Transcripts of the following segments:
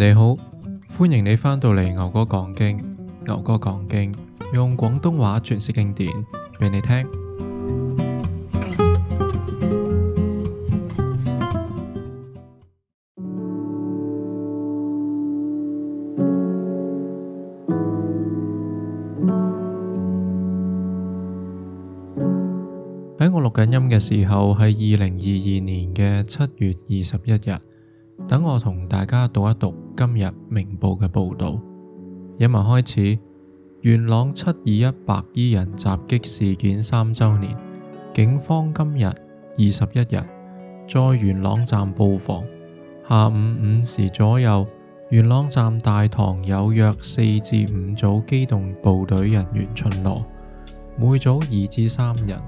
你好，歡迎你翻到嚟牛哥講經。牛哥講經用廣東話詮釋經典畀你聽。喺我錄緊音嘅時候，係二零二二年嘅七月二十一日。等我同大家讀一讀。今日《明報》嘅報道，引文開始：元朗七二一白衣人襲擊事件三周年，警方今日二十一日在元朗站佈防，下午五時左右，元朗站大堂有約四至五組機動部隊人員巡邏，每組二至三人，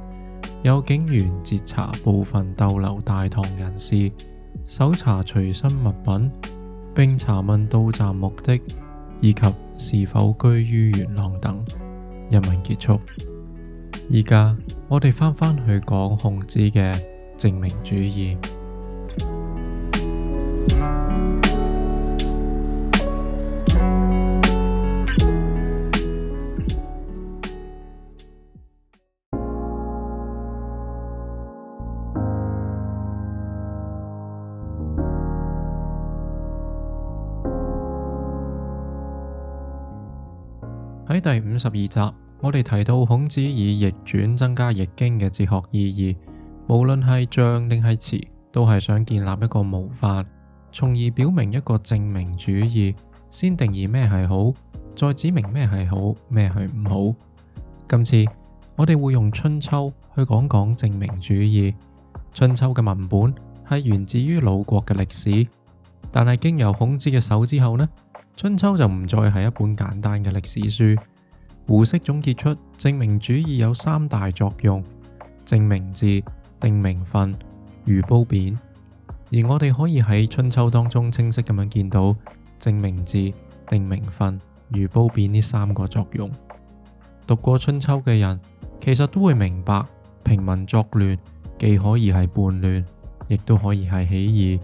有警員截查部分逗留大堂人士，搜查隨身物品。並查問到站目的，以及是否居於元朗等，人問結束。而家我哋返返去講孔子嘅正名主義。第五十二集，我哋提到孔子以易傳增加易經嘅哲學意義，無論係象定係辭，都係想建立一個模範，從而表明一個正名主義。先定義咩係好，再指名咩係好，咩係唔好。今次我哋會用春秋去講講正名主義。春秋嘅文本係源自於魯國嘅歷史，但係經由孔子嘅手之後呢，春秋就唔再係一本簡單嘅歷史書。胡適總結出正名主義有三大作用：正名字、定名分、寓褒貶。而我哋可以喺春秋當中清晰咁樣見到正名字、定名分、寓褒貶呢三個作用。讀過春秋嘅人，其實都會明白平民作亂，既可以係叛亂，亦都可以係起義，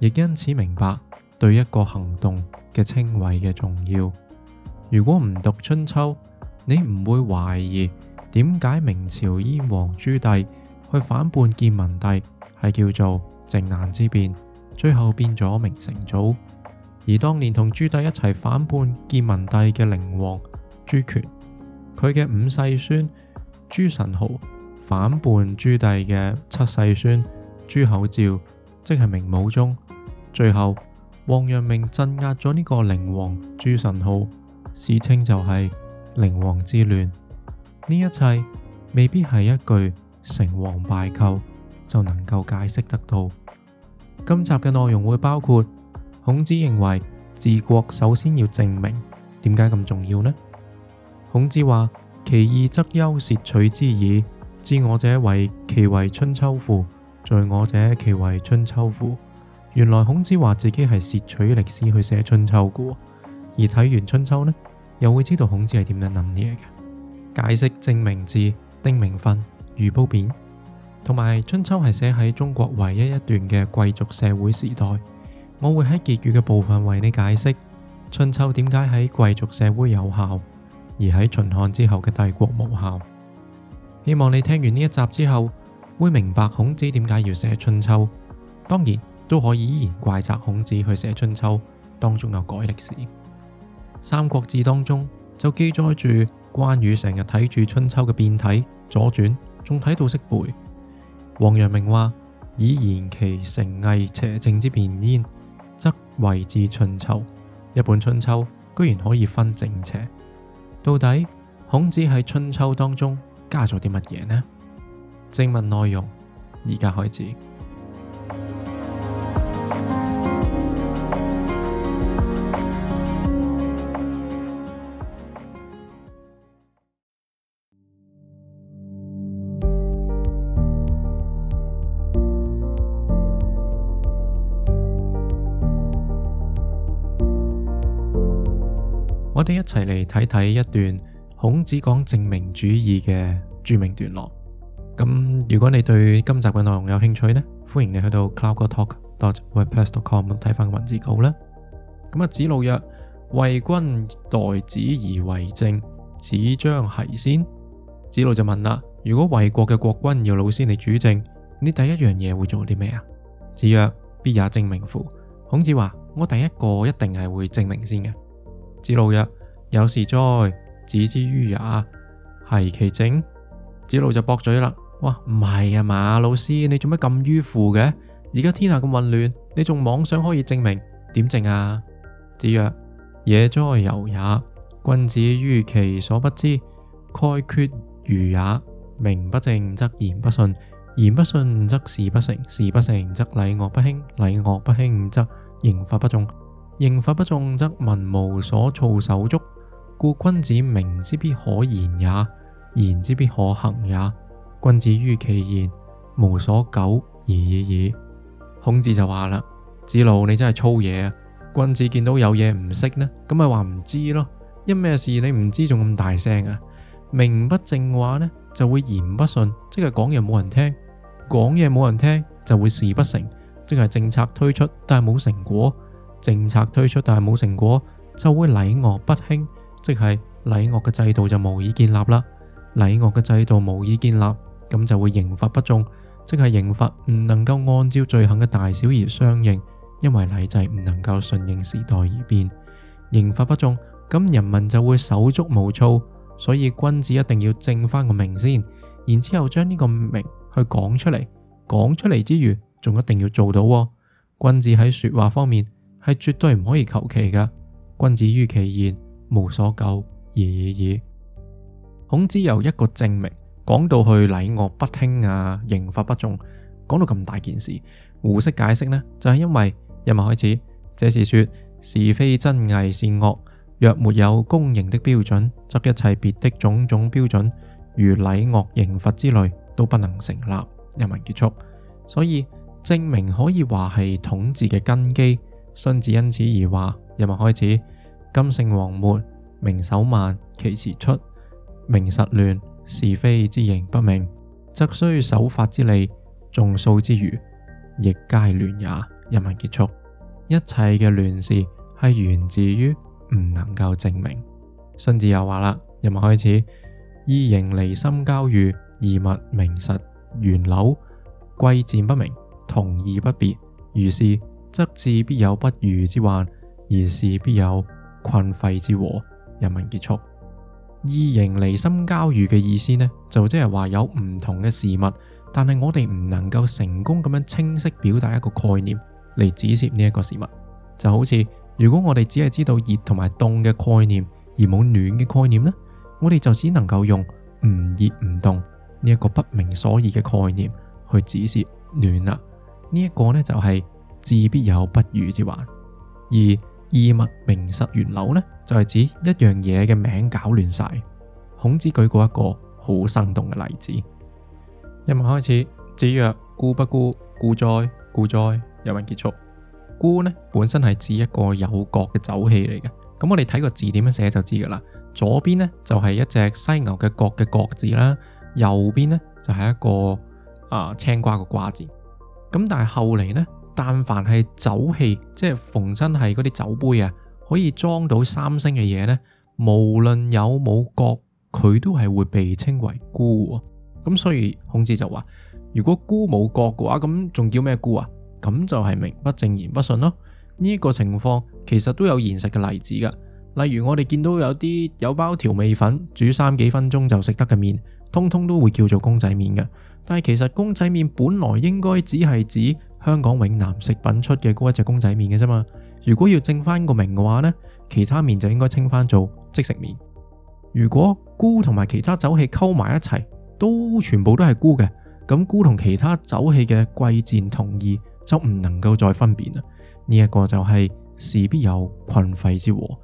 亦因此明白對一個行動嘅稱謂嘅重要。如果唔讀春秋，你唔會懷疑點解明朝燕王朱棣去反叛建文帝，係叫做靖難之變，最後變咗明成祖。而當年同朱棣一齊反叛建文帝嘅靈王朱權，佢嘅五世孫朱宸濠反叛朱棣嘅七世孫朱厚照，即係明武宗。最後王陽明鎮壓咗呢個寧王朱宸濠。史稱就係寧王之亂，呢一切未必係一句成王敗寇就能夠解釋得到。今集嘅內容會包括孔子認為治國首先要正名，點解咁重要呢？孔子話：其義則丘竊取之矣。知我者其惟春秋乎？罪我者其惟春秋乎？原來孔子話自己係竊取歷史去寫春秋噶。而睇完《春秋》呢，又會知道孔子係點樣諗嘢嘅，解釋正名字、定名分、寓褒貶，同埋《春秋》係寫喺中國唯一一段嘅貴族社會時代。我會喺結語嘅部分為你解釋《春秋》點解喺貴族社會有效，而喺秦漢之後嘅帝國無效。希望你聽完呢一集之後會明白孔子點解要寫《春秋》，當然都可以依然怪責孔子去寫《春秋》，當中有改歷史。三國志當中就記載住關羽成日睇住春秋嘅變體左傳，仲睇到識背。王陽明話：以言其誠偽邪正之辯焉，則謂之春秋。一本春秋居然可以分正邪，到底孔子喺春秋當中加咗啲乜嘢呢？正文內容，而家開始。一齊嚟睇睇一段孔子講正名主義嘅著名段落。咁如果你對今集嘅內容有興趣呢，歡迎你去到 cowgortalk.wordpress.com 睇翻個文字稿啦。咁啊，子路曰：衛君待子而為政，子將奚先？子路就問啦：如果衛國嘅國君要老師你主政，你第一樣嘢會做啲咩啊？子曰：必也正名乎？孔子話：我第一個一定係會正名先嘅。子路曰：有是哉，子之迂也，奚其正？子路就駁嘴啦。哇，唔係啊，馬老師，你做乜咁迂腐嘅？而家天下咁混亂，你仲妄想可以證明點正啊？子曰：野哉由也，君子於其所不知，蓋闕如也。名不正則言不順，言不順則事不成，事不成則禮樂不興，禮樂不興則刑罰不重，刑罰不重則民無所措手足。故君子名之，必可言也；言之，必可行也。君子於其言，無所苟而已矣。孔子就話啦：子路，你真係粗嘢啊！君子見到有嘢唔識呢，咁咪話唔知咯。因咩事你唔知，仲咁大聲啊？名不正話呢，就會言不順，即係講嘢冇人聽；講嘢冇人聽，就會事不成，即係政策推出但係冇成果；政策推出但係冇成果，就會禮樂不興。即係禮樂嘅制度就無以建立啦。禮樂嘅制度無以建立，咁就會刑罰不中，即係刑罰唔能夠按照罪行嘅大小而相應，因為禮制唔能夠順應時代而變。刑罰不中，咁人民就會手足無措，所以君子一定要正返個名先，然之後將呢個名去講出嚟，講出嚟之餘，仲一定要做到喎。君子喺說話方面係絕對唔可以求其㗎。君子於其言。無所苟，而已矣。孔子由一個正名講到去禮樂不興啊，刑罰不重，講到咁大件事，胡適解釋呢，就係因為引文開始，這是說是非真偽善惡，若沒有公認的標準，則一切別的種種標準，如禮樂刑罰之類都不能成立。引文結束，所以正名可以話係統治嘅根基。荀子因此而話：引文開始。今聖王沒名守慢，奇辭起名實亂是非之形不明，則雖守法之吏，誦數之儒，亦皆亂也。引文結束，一切嘅亂事係源自於唔能夠證明。荀子又話啦：引文開始，異形離心交喻，異物名實玄紐貴賤不明，同異不別，如是則志必有不喻之患，而事必有。困廢之禍，人民結束。異形離心交遇嘅意思呢，就即係話有唔同嘅事物，但係我哋唔能夠成功咁樣清晰表達一個概念，嚟指涉呢一個事物。就好似如果我哋只係知道熱同埋凍嘅概念，而冇暖嘅概念呢，我哋就只能夠用唔熱唔凍呢一個不明所以嘅概念去指涉暖啦。呢、這、一個呢就係、是、自必有不如之患，而義物名實元流呢，就係、是、指一樣嘢嘅名搞亂晒。孔子舉過一個好生動嘅例子，一文開始，子曰：觚不觚，觚哉，觚哉。一文結束，觚呢本身係指一個有角嘅酒器嚟嘅。咁我哋睇個字點樣寫就知㗎啦。左邊呢就係、是、一隻犀牛嘅角嘅角字啦，右邊呢就係、是、一個啊青瓜嘅瓜字。咁但係後嚟呢？但凡係酒器，即係逢親係嗰啲酒杯啊，可以裝到三升嘅嘢呢，無論有冇角，佢都係會被稱為菇。咁所以孔子就話：如果菇冇角嘅話，咁仲叫咩菇啊？咁就係名不正言不順咯。呢、這、一個情況其實都有現實嘅例子噶，例如我哋見到有啲有包調味粉煮三幾分鐘就食得嘅麵，通通都會叫做公仔麵嘅。但係其實公仔麵本來應該只係指。香港永南食品出嘅嗰一隻公仔麵嘅啫嘛。如果要正返個名嘅話呢，其他麵就應該稱返做即食麵。如果觚同埋其他酒器溝埋一齊，都全部都係觚嘅，咁觚同其他酒器嘅貴賤同異，就唔能夠再分辨啦。呢、這、一個就係事必有群廢之禍。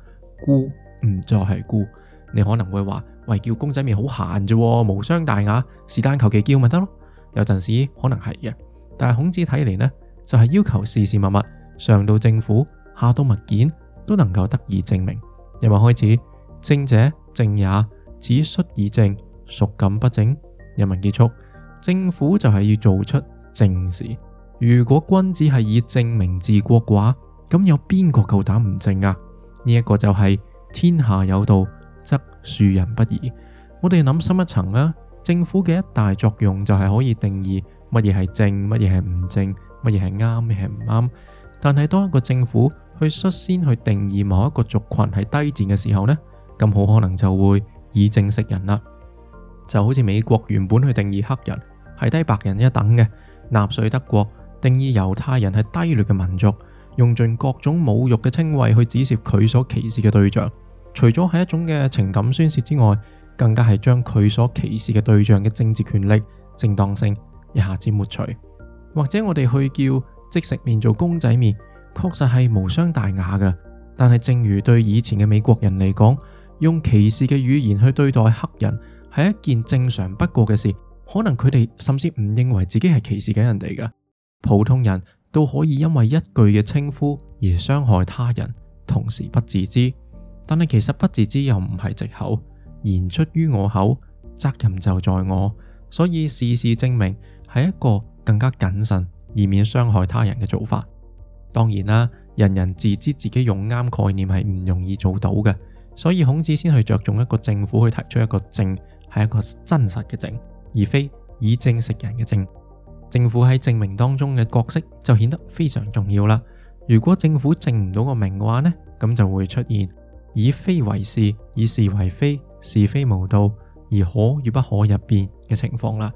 觚唔再係觚，你可能會話喂，叫公仔麵好閒啫，無傷大雅，是但求其叫咪得咯。有陣時可能係嘅。但孔子睇嚟，呢，就係、是、要求事事物物，上到政府，下到物件都能夠得以正名。一文開始，正者正也，子帥以正，孰敢不正？人民結束，政府就係要做出正事。如果君子係以正名治國嘅話，咁有邊個夠膽唔正啊？呢、這、一個就係天下有道，則庶人不議。我哋諗深一層啦，政府嘅一大作用就係可以定義。乜嘢係正，乜嘢係唔正，乜嘢係啱，乜嘢係唔啱？但係當一個政府去率先去定義某一個族群係低賤嘅時候呢，咁好可能就會以正食人啦。就好似美國原本去定義黑人係低白人一等嘅，納粹德國定義猶太人係低劣嘅民族，用盡各種侮辱嘅稱謂去指涉佢所歧視嘅對象，除咗係一種嘅情感宣泄之外，更加係將佢所歧視嘅對象嘅政治權力正當性，一下子抹除，或者我哋去叫即食麵做公仔麵，確實係無傷大雅嘅。但係正如對以前嘅美國人嚟講，用歧視嘅語言去對待黑人係一件正常不過嘅事，可能佢哋甚至唔認為自己係歧視緊人哋嘅。普通人都可以因為一句嘅稱呼而傷害他人，同時不自知。但係其實不自知又唔係借口，言出於我口，責任就在我。所以事事證明係一個更加謹慎，以免傷害他人嘅做法。當然啦，人人自知自己用啱概念係唔容易做到嘅，所以孔子先去着重一個政府去提出一個正，係一個真實嘅正，而非以正食人嘅正。政府喺正名當中嘅角色就顯得非常重要啦。如果政府正唔到個名嘅話呢，咁就會出現以非為是，以是為非，是非無道，而可與不可入變嘅情況啦。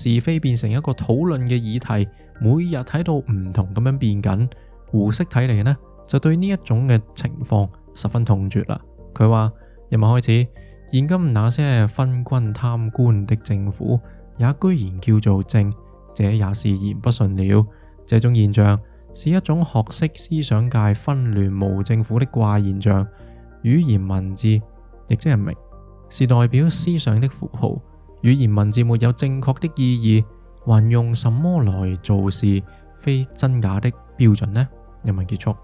是非變成一個討論嘅議題，每日睇到唔同咁樣變緊，胡適睇嚟，呢就對呢一種嘅情況十分痛絕啦。佢話：一文開始，現今那些昏君貪官的政府，也居然叫做政，這也是言不順了。這種現象是一種學識思想界紛亂無政府的怪現象。語言文字亦即係名，是代表思想的符號。語言文字沒有正確的意義，還用什麼來做是非真假的標準呢？引文結束，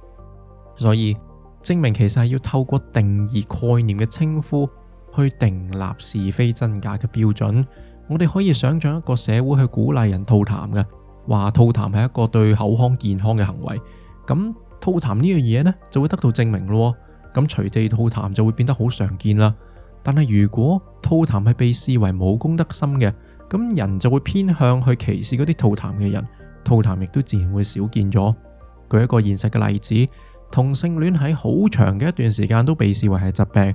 所以正名其實係要透過定義概念嘅稱呼去定立是非真假嘅標準。我哋可以想象一個社會去鼓勵人吐痰嘅，話吐痰係一個對口腔健康嘅行為，咁吐痰呢樣嘢呢就會得到正名咯。咁隨地吐痰就會變得好常見啦。但係，如果吐痰係被視為冇公德心嘅，咁人就會偏向去歧視嗰啲吐痰嘅人，吐痰亦都自然會少見咗。舉一個現實嘅例子，同性戀喺好長嘅一段時間都被視為係疾病，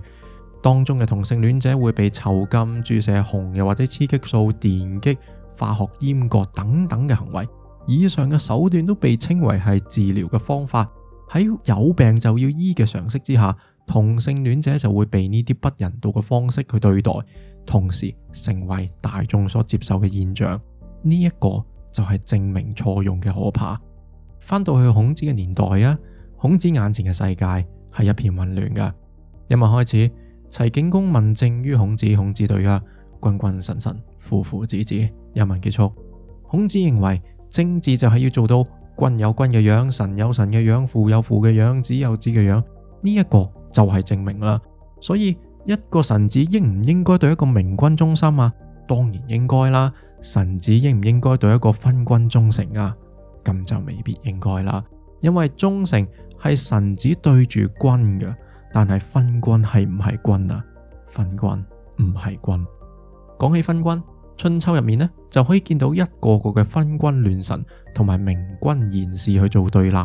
當中嘅同性戀者會被囚禁、注射雄，又或者雌激素、電擊、化學閹割等等嘅行為，以上嘅手段都被稱為係治療嘅方法。喺有病就要醫嘅常識之下，同性戀者就會被呢啲不人道嘅方式去對待，同時成為大眾所接受嘅現象。呢、這、一個就係證明錯用嘅可怕。返到去孔子嘅年代啊，孔子眼前嘅世界係一片混亂噶。一文開始，齊景公問政於孔子，孔子對啊，君君臣臣，父父子子。一文結束，孔子認為政治就係要做到君有君嘅樣，臣有臣嘅樣，父有父嘅樣，子有子嘅樣。呢、這、一個。就係證明啦，所以一個臣子應唔應該對一個明君忠心啊？當然應該啦。臣子應唔應該對一個昏君忠誠啊？咁就未必應該啦，因為忠誠係臣子對住君嘅，但係昏君係唔係君啊？昏君唔係君。講起昏君，春秋入面呢就可以見到一個個嘅昏君亂臣，同埋明君賢士去做對立。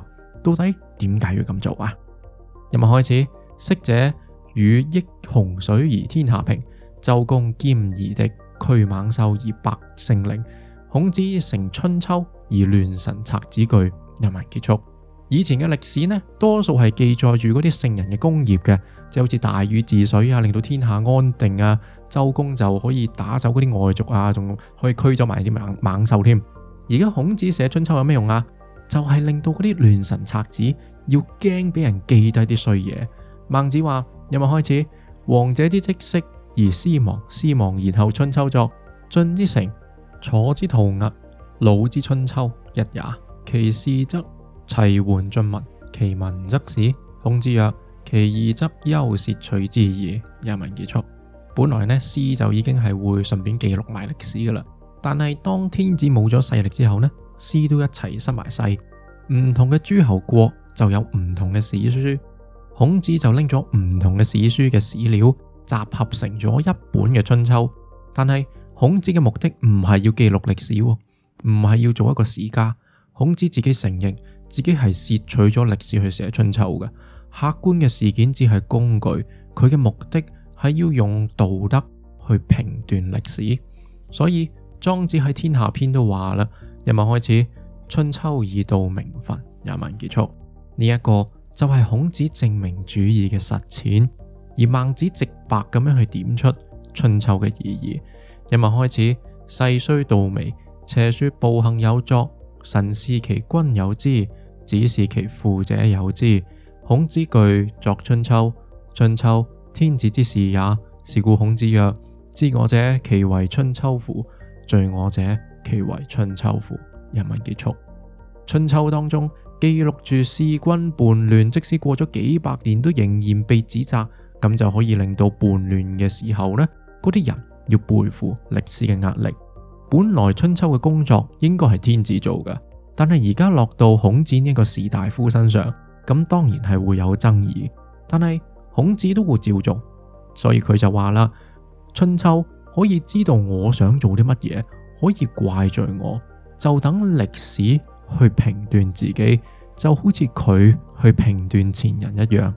到底點解要咁做啊？今日開始。昔者禹益洪水而天下平，周公兼夷狄，驅猛獸而百姓靈。孔子成春秋而亂臣賊子懼，又埋結束以前嘅歷史呢？多數係記載住嗰啲聖人嘅功業嘅，就好似大禹治水啊，令到天下安定啊。周公就可以打走嗰啲外族啊，仲可以驅走埋啲猛猛獸添。而家孔子寫春秋有咩用啊？就係、是、令到嗰啲亂臣賊子要驚俾人記低啲衰嘢。孟子話：引文開始，王者之跡熄而詩亡，詩亡然後春秋作。晉之乘，楚之檮杌，魯之春秋，一也。其事則齊桓晉文，其文則史。孔子曰：其義則丘竊取之矣。引文結束。本來呢詩就已經係會順便記錄埋歷史㗎喇，但係當天子冇咗勢力之後呢，詩都一齊失埋勢。唔同嘅諸侯國就有唔同嘅史書。孔子就拎咗唔同嘅史書嘅史料，集合成咗一本嘅《春秋》但。但係孔子嘅目的唔係要記錄歷史，唔係要做一個史家。孔子自己承認自己係竊取咗歷史去寫《春秋》嘅，客觀嘅事件只係工具。佢嘅目的係要用道德去評斷歷史。所以莊子喺《天下篇》都話啦：一萬開始，《春秋》以道名分，一萬結束。呢、這、一個。就係孔子正名主義嘅實踐，而孟子直白咁樣去點出《春秋》嘅意義。一問開始，世衰道微，邪說暴行有作，臣弒其君有之，子弒其父者有之。孔子懼，作《春秋》。《春秋》天子之事也，是故孔子曰：知我者，其為《春秋》乎？罪我者，其為《春秋》乎？一問結束，《春秋》當中。記錄住弑君叛亂，即使過咗幾百年都仍然被指責，咁就可以令到叛亂嘅時候呢，嗰啲人要背負歷史嘅壓力。本來春秋嘅工作應該係天子做嘅，但係而家落到孔子呢一個士大夫身上，咁當然係會有爭議。但係孔子都會照做，所以佢就話啦：春秋可以知道我想做啲乜嘢，可以怪罪我，就等歷史去評斷自己。就好似佢去評斷前人一樣。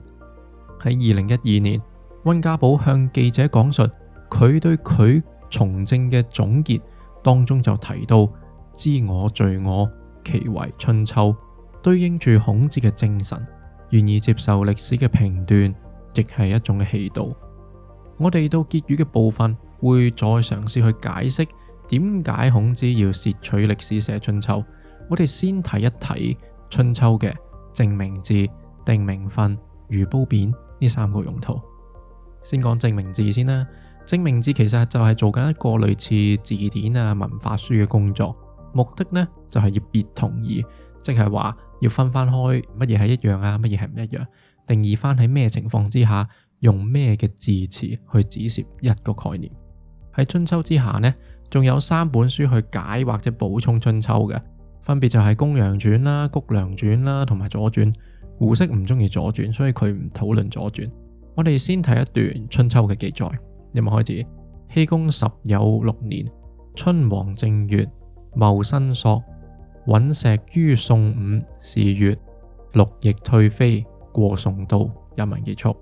喺二零一二年，温家寶向記者講述佢對佢從政嘅總結當中就提到：知我罪我，其惟春秋，對應住孔子嘅精神，願意接受歷史嘅評斷，亦係一種嘅氣度。我哋到結語嘅部分會再嘗試,試去解釋點解孔子要竊取歷史寫春秋。我哋先睇一睇。春秋嘅正名字、定名分、寓褒貶呢三個用途，先講正名字先啦。正名字其實就係做緊一個類似字典啊、文化書嘅工作，目的呢就係、是、要別同異，即係話要分翻開乜嘢係一樣啊，乜嘢係唔一樣，定義翻喺咩情況之下用咩嘅字詞去指涉一個概念。喺春秋之下呢，仲有三本書去解或者補充春秋嘅。分別就係公羊傳啦、谷梁傳啦，同埋左傳。胡適唔中意左傳，所以佢唔討論左傳。我哋先睇一段春秋嘅記載，引文開始。僖公十有六年春，王正月，戊申朔，隕石于宋五。是月，六鷁退飛過宋都。引文結束。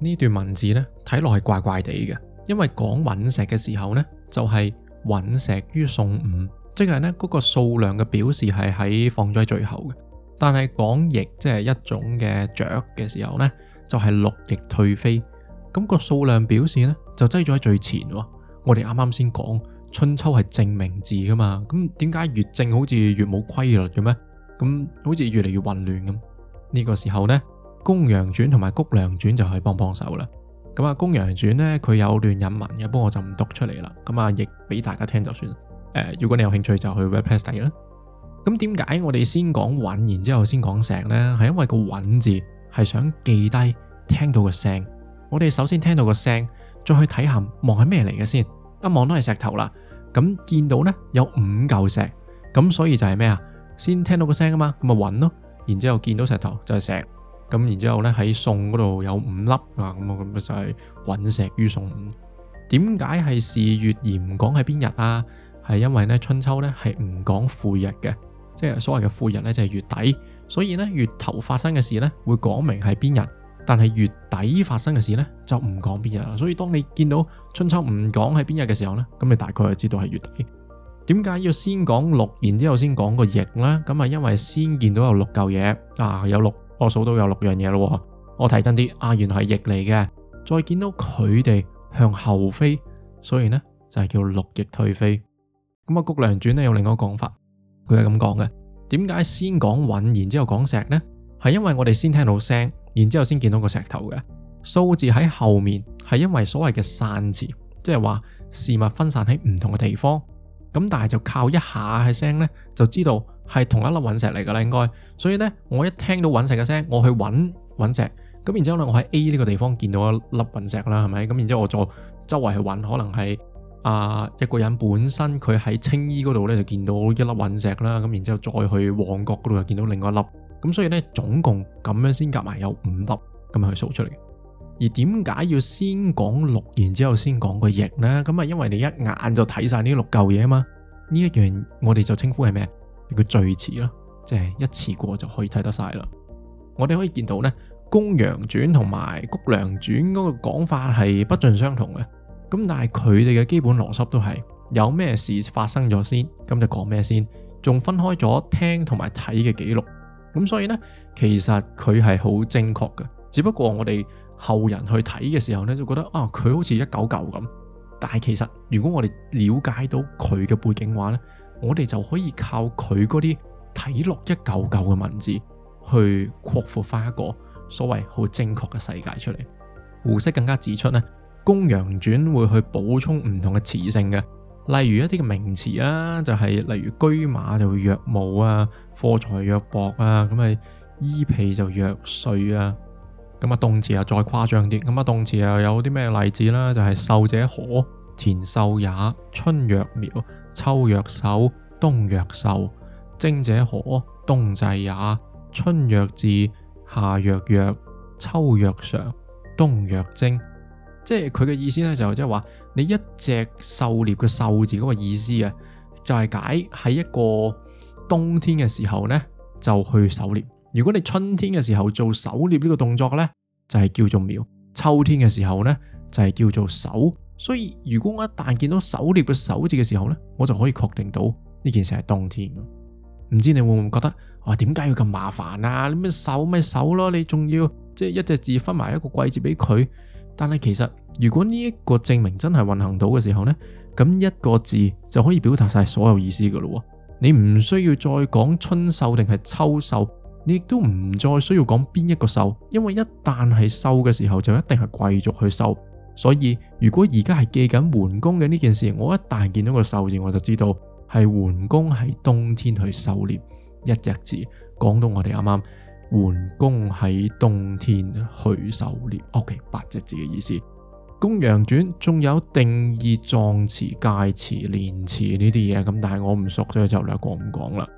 呢段文字呢，睇落係怪怪地嘅，因為講隕石嘅時候呢，就係、是、隕石于宋五。即係呢嗰、嗰個數量嘅表示係喺放咗喺最後嘅。但係講翼，即係一種嘅雀嘅時候呢，就係六翼退飛，咁、嗰個數量表示呢，就擠咗喺最前喎。我哋啱啱先講春秋係正名字噶嘛，咁點解越正好似越冇規律嘅咩？咁好似越嚟越混亂咁。呢、呢個時候呢，公羊傳同埋谷梁傳就可以幫幫手啦。咁啊，公羊傳呢，佢有段引文嘅，不過我就唔讀出嚟啦。咁啊，譯俾大家聽就算。誒，如果你有興趣就去 WordPress 睇啦。咁點解我哋先講隕，然之後先講石咧？係因為個隕字係想記低聽到個聲。我哋首先聽到個聲，再去睇下望係咩嚟嘅先。一望都係石頭啦。咁見到咧有五嚿石，咁所以就係咩啊？先聽到個聲啊嘛，咁咪隕咯。然之後見到石頭就係石，咁然之後咧喺宋嗰度有五粒啊，咁啊咁啊就係隕石於宋。點解係四月唔講係邊日啊？係因為咧，春秋咧係唔講晦日嘅，即係所謂嘅晦日咧就係、是、月底，所以咧月頭發生嘅事咧會講明係邊日，但係月底發生嘅事咧就唔講邊日啦。所以當你見到春秋唔講係邊日嘅時候咧，咁你大概就知道係月底。點解要先講六，然之後先講個鷁咧？咁啊，因為先見到有六嚿嘢啊，有六，我數到有六樣嘢咯。我睇真啲啊，原來係鷁嚟嘅，再見到佢哋向後飛，所以呢，就係、是、叫六鷁退飛。咁啊《谷梁傳》呢有另一個講法，佢係咁講嘅。點解先講隕，然之後講石呢？係因為我哋先聽到聲，然之後先見到個石頭嘅。數字喺後面係因為所謂嘅散詞，即係話事物分散喺唔同嘅地方。咁但係就靠一下嘅聲呢，就知道係同一粒隕石嚟噶啦，應該。所以呢，我一聽到隕石嘅聲，我去揾隕石。咁然之後呢，我喺 A 呢個地方見到一粒隕石啦，係咪？咁然之後我就周圍去揾，可能係。啊、呃！一個人本身佢喺青衣嗰度咧就見到一粒隕石啦，咁然之後再去旺角嗰度又見到另外一粒，咁所以呢，總共咁樣先夾埋有五粒咁樣去數出嚟。而點解要先講六，然之後先講個翼呢？咁啊，因為你一眼就睇晒呢六嚿嘢啊嘛。呢一樣我哋就稱呼係咩？叫聚詞啦，即係一次過就可以睇得晒啦。我哋可以見到呢，《公羊傳》同埋《谷梁傳》嗰個講法係不盡相同嘅。咁但係佢哋嘅基本邏輯都係有咩事發生咗先，咁就講咩先，仲分開咗聽同埋睇嘅記錄。咁所以呢，其實佢係好正確嘅，只不過我哋後人去睇嘅時候呢，就覺得啊，佢好似一嚿嚿咁。但係其實如果我哋了解到佢嘅背景話呢，我哋就可以靠佢嗰啲睇落一嚿嚿嘅文字，去擴闊翻一個所謂好正確嘅世界出嚟。胡適更加指出呢。公羊傳會去補充唔同嘅詞性嘅，例如一啲嘅名詞啦、啊，就係、是、例如車馬就弱毛啊，貨財弱薄啊，咁咪衣被就弱碎啊。咁啊動詞又再誇張啲，咁啊動詞又有啲咩例子啦？就係壽者何田壽也，春若苗，秋若守，冬若壽；精者何冬祭也，春若至，夏若弱，秋若常，冬若精。即係佢嘅意思咧，就即係話你一隻狩獵嘅狩字嗰個意思啊，就係解喺一個冬天嘅時候呢，就去狩獵。如果你春天嘅時候做狩獵呢個動作呢，就係叫做苗；秋天嘅時候呢，就係叫做狩。所以如果我一旦見到狩獵嘅狩字嘅時候呢，我就可以確定到呢件事係冬天。唔知你會唔會覺得啊？點解要咁麻煩啊？你咪狩咪狩咯，你仲要即係一隻字分埋一個季節俾佢。但係其實，如果呢一個正名真係運行到嘅時候呢，咁一個字就可以表達晒所有意思噶咯喎。你唔需要再講春狩定係秋狩，你亦都唔再需要講邊一個狩，因為一旦係狩嘅時候就一定係貴族去狩。所以如果而家係記緊桓公嘅呢件事，我一旦見到個狩字，我就知道係桓公喺冬天去狩獵，一隻字講到我哋啱啱。桓公喺冬天去狩獵，O.K. 八隻字嘅意思。公羊傳仲有定義狀詞、介詞、連詞呢啲嘢咁，但係我唔熟，所以就略講唔講啦。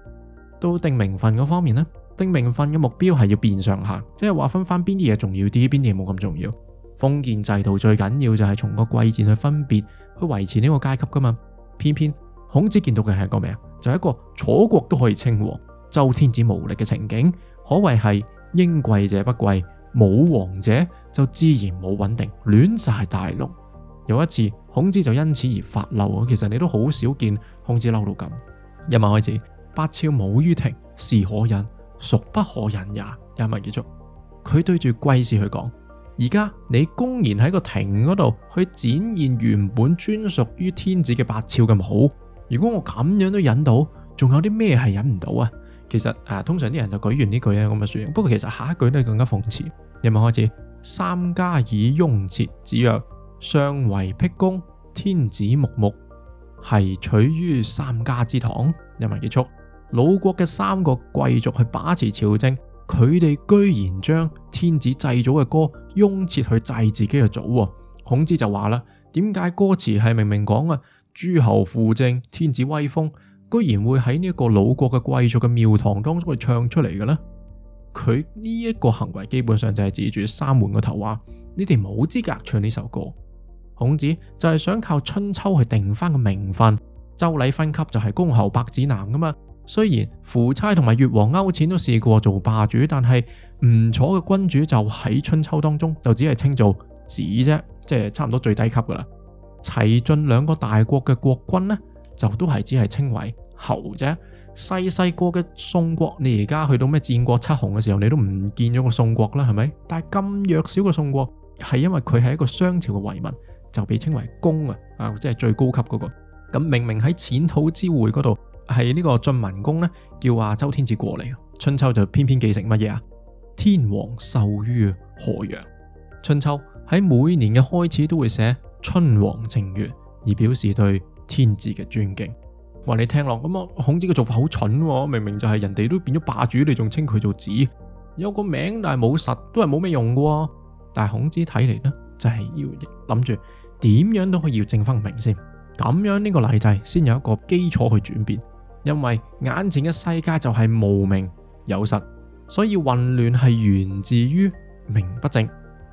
到定名份嗰方面呢，定名份嘅目標係要變上下，即係話分返邊啲嘢重要啲，邊啲嘢冇咁重要。封建制度最緊要就係從個貴賤去分別去維持呢個階級噶嘛。偏偏孔子見到嘅係一個咩啊？就係一個楚國都可以稱王，周天子無力嘅情景。可謂係應貴者不貴，冇王者就自然冇穩定，亂晒大籠。有一次，孔子就因此而發嬲。其實你都好少見孔子嬲到咁。一文開始，八朝武於庭，是可忍，孰不可忍也？一文結束，佢對住季氏去講：而家你公然喺個庭嗰度去展現原本專屬於天子嘅八朝嘅舞，如果我咁樣都忍到，仲有啲咩係忍唔到啊？其實誒、啊，通常啲人就舉完呢句啊，咁咪算。不過其實下一句呢，更加諷刺。引文開始，三家以雍徹，子曰：相維辟公，天子穆穆，奚取於三家之堂。引文結束，魯國嘅三個貴族去把持朝政，佢哋居然將天子祭祖嘅歌雍徹去祭自己嘅祖。孔子就話啦，點解歌詞係明明講啊，諸侯輔政，天子威風？居然會喺呢一個魯國嘅貴族嘅廟堂當中去唱出嚟嘅呢，佢呢一個行為基本上就係指住三門嘅頭話，你哋冇資格唱呢首歌。孔子就係想靠春秋去定翻個名分。周禮分級就係公侯伯子男噶嘛。雖然夫差同埋越王勾踐都試過做霸主，但係吳楚嘅君主就喺春秋當中就只係稱做子啫，即係差唔多最低級噶啦。齊晉兩個大國嘅國君呢？就都係只係稱為侯啫。細細個嘅宋國，你而家去到咩戰國七雄嘅時候，你都唔見咗個宋國啦，係咪？但係咁弱小嘅宋國，係因為佢係一個商朝嘅遺民，就被稱為公啊，啊即係最高級嗰個。咁明明喺踐土之會嗰度，係呢個晉文公呢，叫啊周天子過嚟啊。春秋就偏偏記成乜嘢啊？天王狩于河陽。春秋喺每年嘅開始都會寫春王正月，而表示對。天子嘅尊敬，話你聽落咁啊。孔子嘅做法好蠢喎，明明就係人哋都變咗霸主，你仲稱佢做子，有個名但係冇實，都係冇咩用嘅。但係孔子睇嚟，呢就係、是、要諗住點樣都可以要正翻名先，咁樣呢個禮制先有一個基礎去轉變。因為眼前嘅世界就係無名有實，所以混亂係源自於名不正。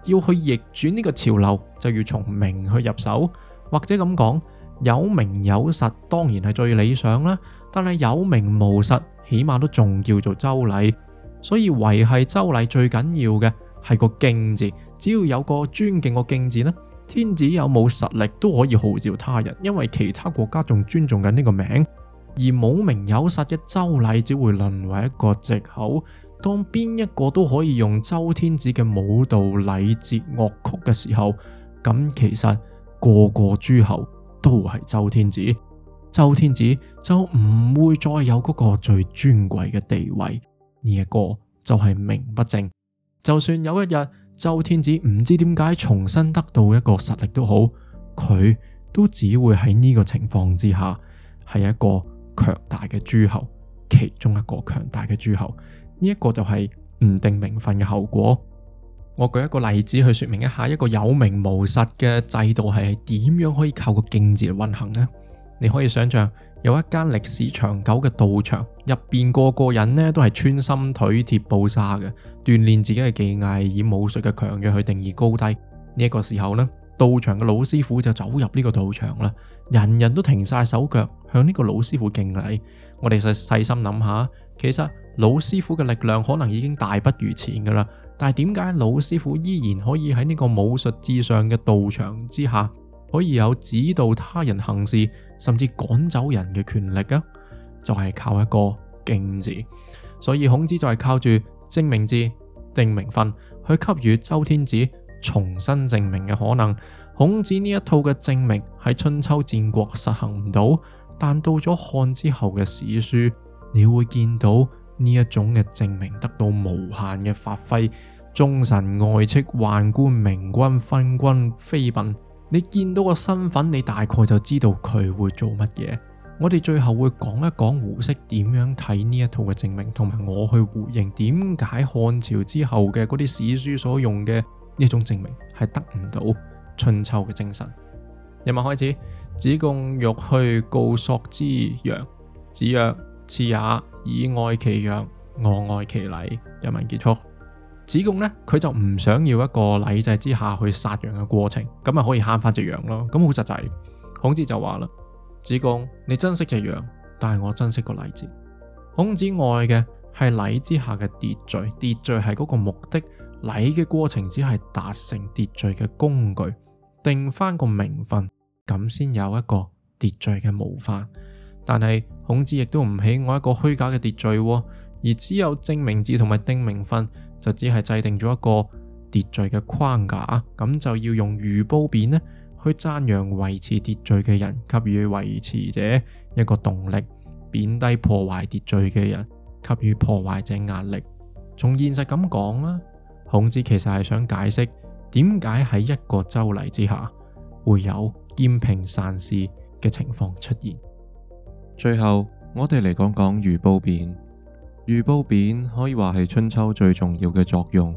要去逆轉呢個潮流，就要從名去入手，或者咁講。有名有實當然係最理想啦，但係有名無實，起碼都仲叫做周禮。所以維係周禮最緊要嘅係個敬字，只要有個尊敬個敬字呢，天子有冇實力都可以號召他人，因為其他國家仲尊重緊呢個名。而冇名有實嘅周禮只會淪為一個借口。當邊一個都可以用周天子嘅舞蹈、禮節、樂曲嘅時候，咁其實個個諸侯。都係周天子，周天子就唔會再有嗰個最尊貴嘅地位。呢一個就係名不正。就算有一日周天子唔知點解重新得到一個實力都好，佢都只會喺呢個情況之下係一個強大嘅諸侯，其中一個強大嘅諸侯。呢一個就係唔定名分嘅後果。我舉一個例子去說明一下，一個有名無實嘅制度係點樣可以靠個敬字嚟運行咧？你可以想象，有一間歷史長久嘅道場，入邊個個人呢都係穿心腿、鐵布衫嘅，鍛煉自己嘅技藝，以武術嘅強弱去定義高低。呢個時候呢，道場嘅老師傅就走入呢個道場啦，人人都停晒手腳，向呢個老師傅敬禮。我哋細細心諗下，其實老師傅嘅力量可能已經大不如前噶啦。但係點解老師傅依然可以喺呢個武術之上嘅道場之下，可以有指導他人行事，甚至趕走人嘅權力啊？就係、是、靠一個“敬”字。所以孔子就係靠住正名字、定名份，去給予周天子重新正名嘅可能。孔子呢一套嘅正名喺春秋戰國實行唔到，但到咗漢之後嘅史書，你會見到。呢一種嘅正名得到無限嘅發揮，忠臣、外戚、宦官、明君、昏君、妃嬪，你見到個身份，你大概就知道佢會做乜嘢。我哋最後會講一講胡適點樣睇呢一套嘅正名，同埋我去回應點解漢朝之後嘅嗰啲史書所用嘅呢一種正名係得唔到春秋嘅精神。日文開始，子貢欲去告朔之羊，子曰。次也以愛其羊，我愛其禮。一文結束，子貢呢，佢就唔想要一個禮制之下去殺羊嘅過程，咁咪可以慳翻隻羊咯。咁好實際，孔子就話啦：子貢，你珍惜隻羊，但係我珍惜個禮制。孔子愛嘅係禮之下嘅秩序，秩序係嗰個目的，禮嘅過程只係達成秩序嘅工具，定翻個名分，咁先有一個秩序嘅模範。但係。孔子亦都唔起我一個虛假嘅秩序，哦，而只有正名字同埋定名分，就只係制定咗一個秩序嘅框架。咁就要用寓褒貶呢，去讚揚維持秩序嘅人，給予維持者一個動力；貶低破壞秩序嘅人，給予破壞者壓力。從現實咁講啦，孔子其實係想解釋點解喺一個周禮之下會有兼平善事嘅情況出現。最後，我哋嚟講講寓褒貶。寓褒貶可以話係春秋最重要嘅作用。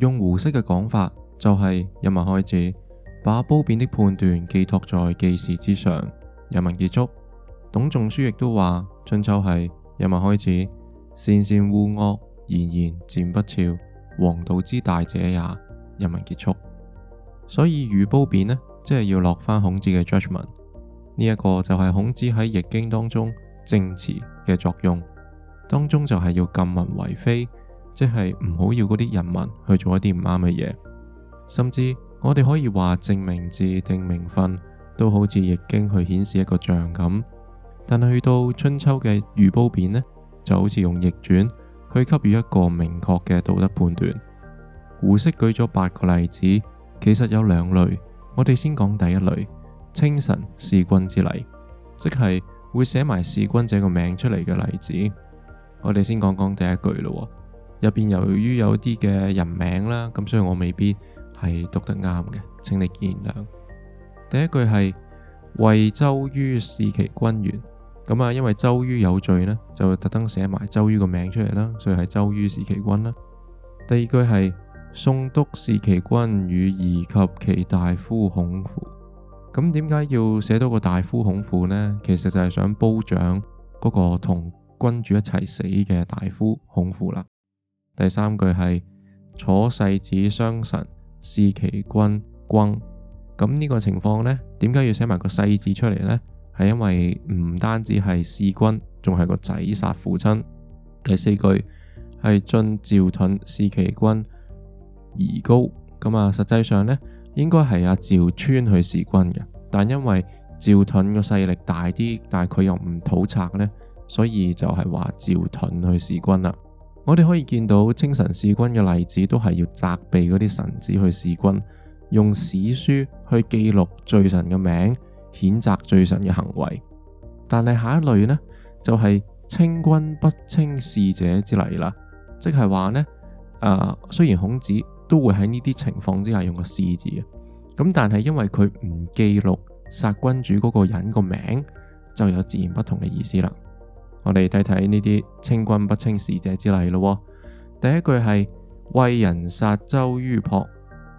用胡適嘅講法，就係人民開始，把褒貶的判斷寄託在記事之上。人民結束，董仲舒亦都話春秋係人民開始，善善惡惡，賢賢賤不肖，王道之大者也。人民結束，所以寓褒貶呢，即係要落翻孔子嘅 judgment 呢一個就係孔子喺《易經》當中正辭嘅作用，當中就係要禁民為非，即係唔好要嗰啲人民去做一啲唔啱嘅嘢。甚至我哋可以話正名字定名分，都好似《易經》去顯示一個象咁。但係去到春秋嘅寓褒貶呢，就好似用《易傳》去給予一個明確嘅道德判斷。胡適舉咗八個例子，其實有兩類，我哋先講第一類。弒臣弒君之例，即係會寫埋弒君者個名出嚟嘅例子。我哋先講講第一句咯喎，入邊由於有啲嘅人名啦，咁所以我未必係讀得啱嘅，請你見諒。第一句係衛州吁弒，弒其君，完咁啊，因為州吁有罪呢，就特登寫埋州吁個名出嚟啦，所以係州吁弒其君啦。第二句係宋督弒其君與夷，及其大夫孔父」。咁點解要寫多個大夫孔父呢？其實就係想褒獎嗰個同君主一齊死嘅大夫孔父啦。第三句係楚世子商臣，弒其君，君。咁呢個情況呢？點解要寫埋個世子出嚟呢？係因為唔單止係弒君，仲係個仔殺父親。第四句係晉趙盾弒其君夷皋。咁啊，實際上呢？應該係阿趙穿去弒君嘅，但因為趙盾嘅勢力大啲，但佢又唔討賊呢，所以就係話趙盾去弒君啦。我哋可以見到稱臣弒君嘅例子，都係要責備嗰啲臣子去弒君，用史書去記錄罪臣嘅名，譴責罪臣嘅行為。但係下一類呢，就係、是、稱君不稱臣者之例啦，即係話呢，啊、呃、雖然孔子。都會喺呢啲情況之下用個弑字嘅，咁但係因為佢唔記錄殺君主嗰個人個名，就有截然不同嘅意思啦。我哋睇睇呢啲稱君不稱弒者之例咯。第一句係衛人殺州吁于濮，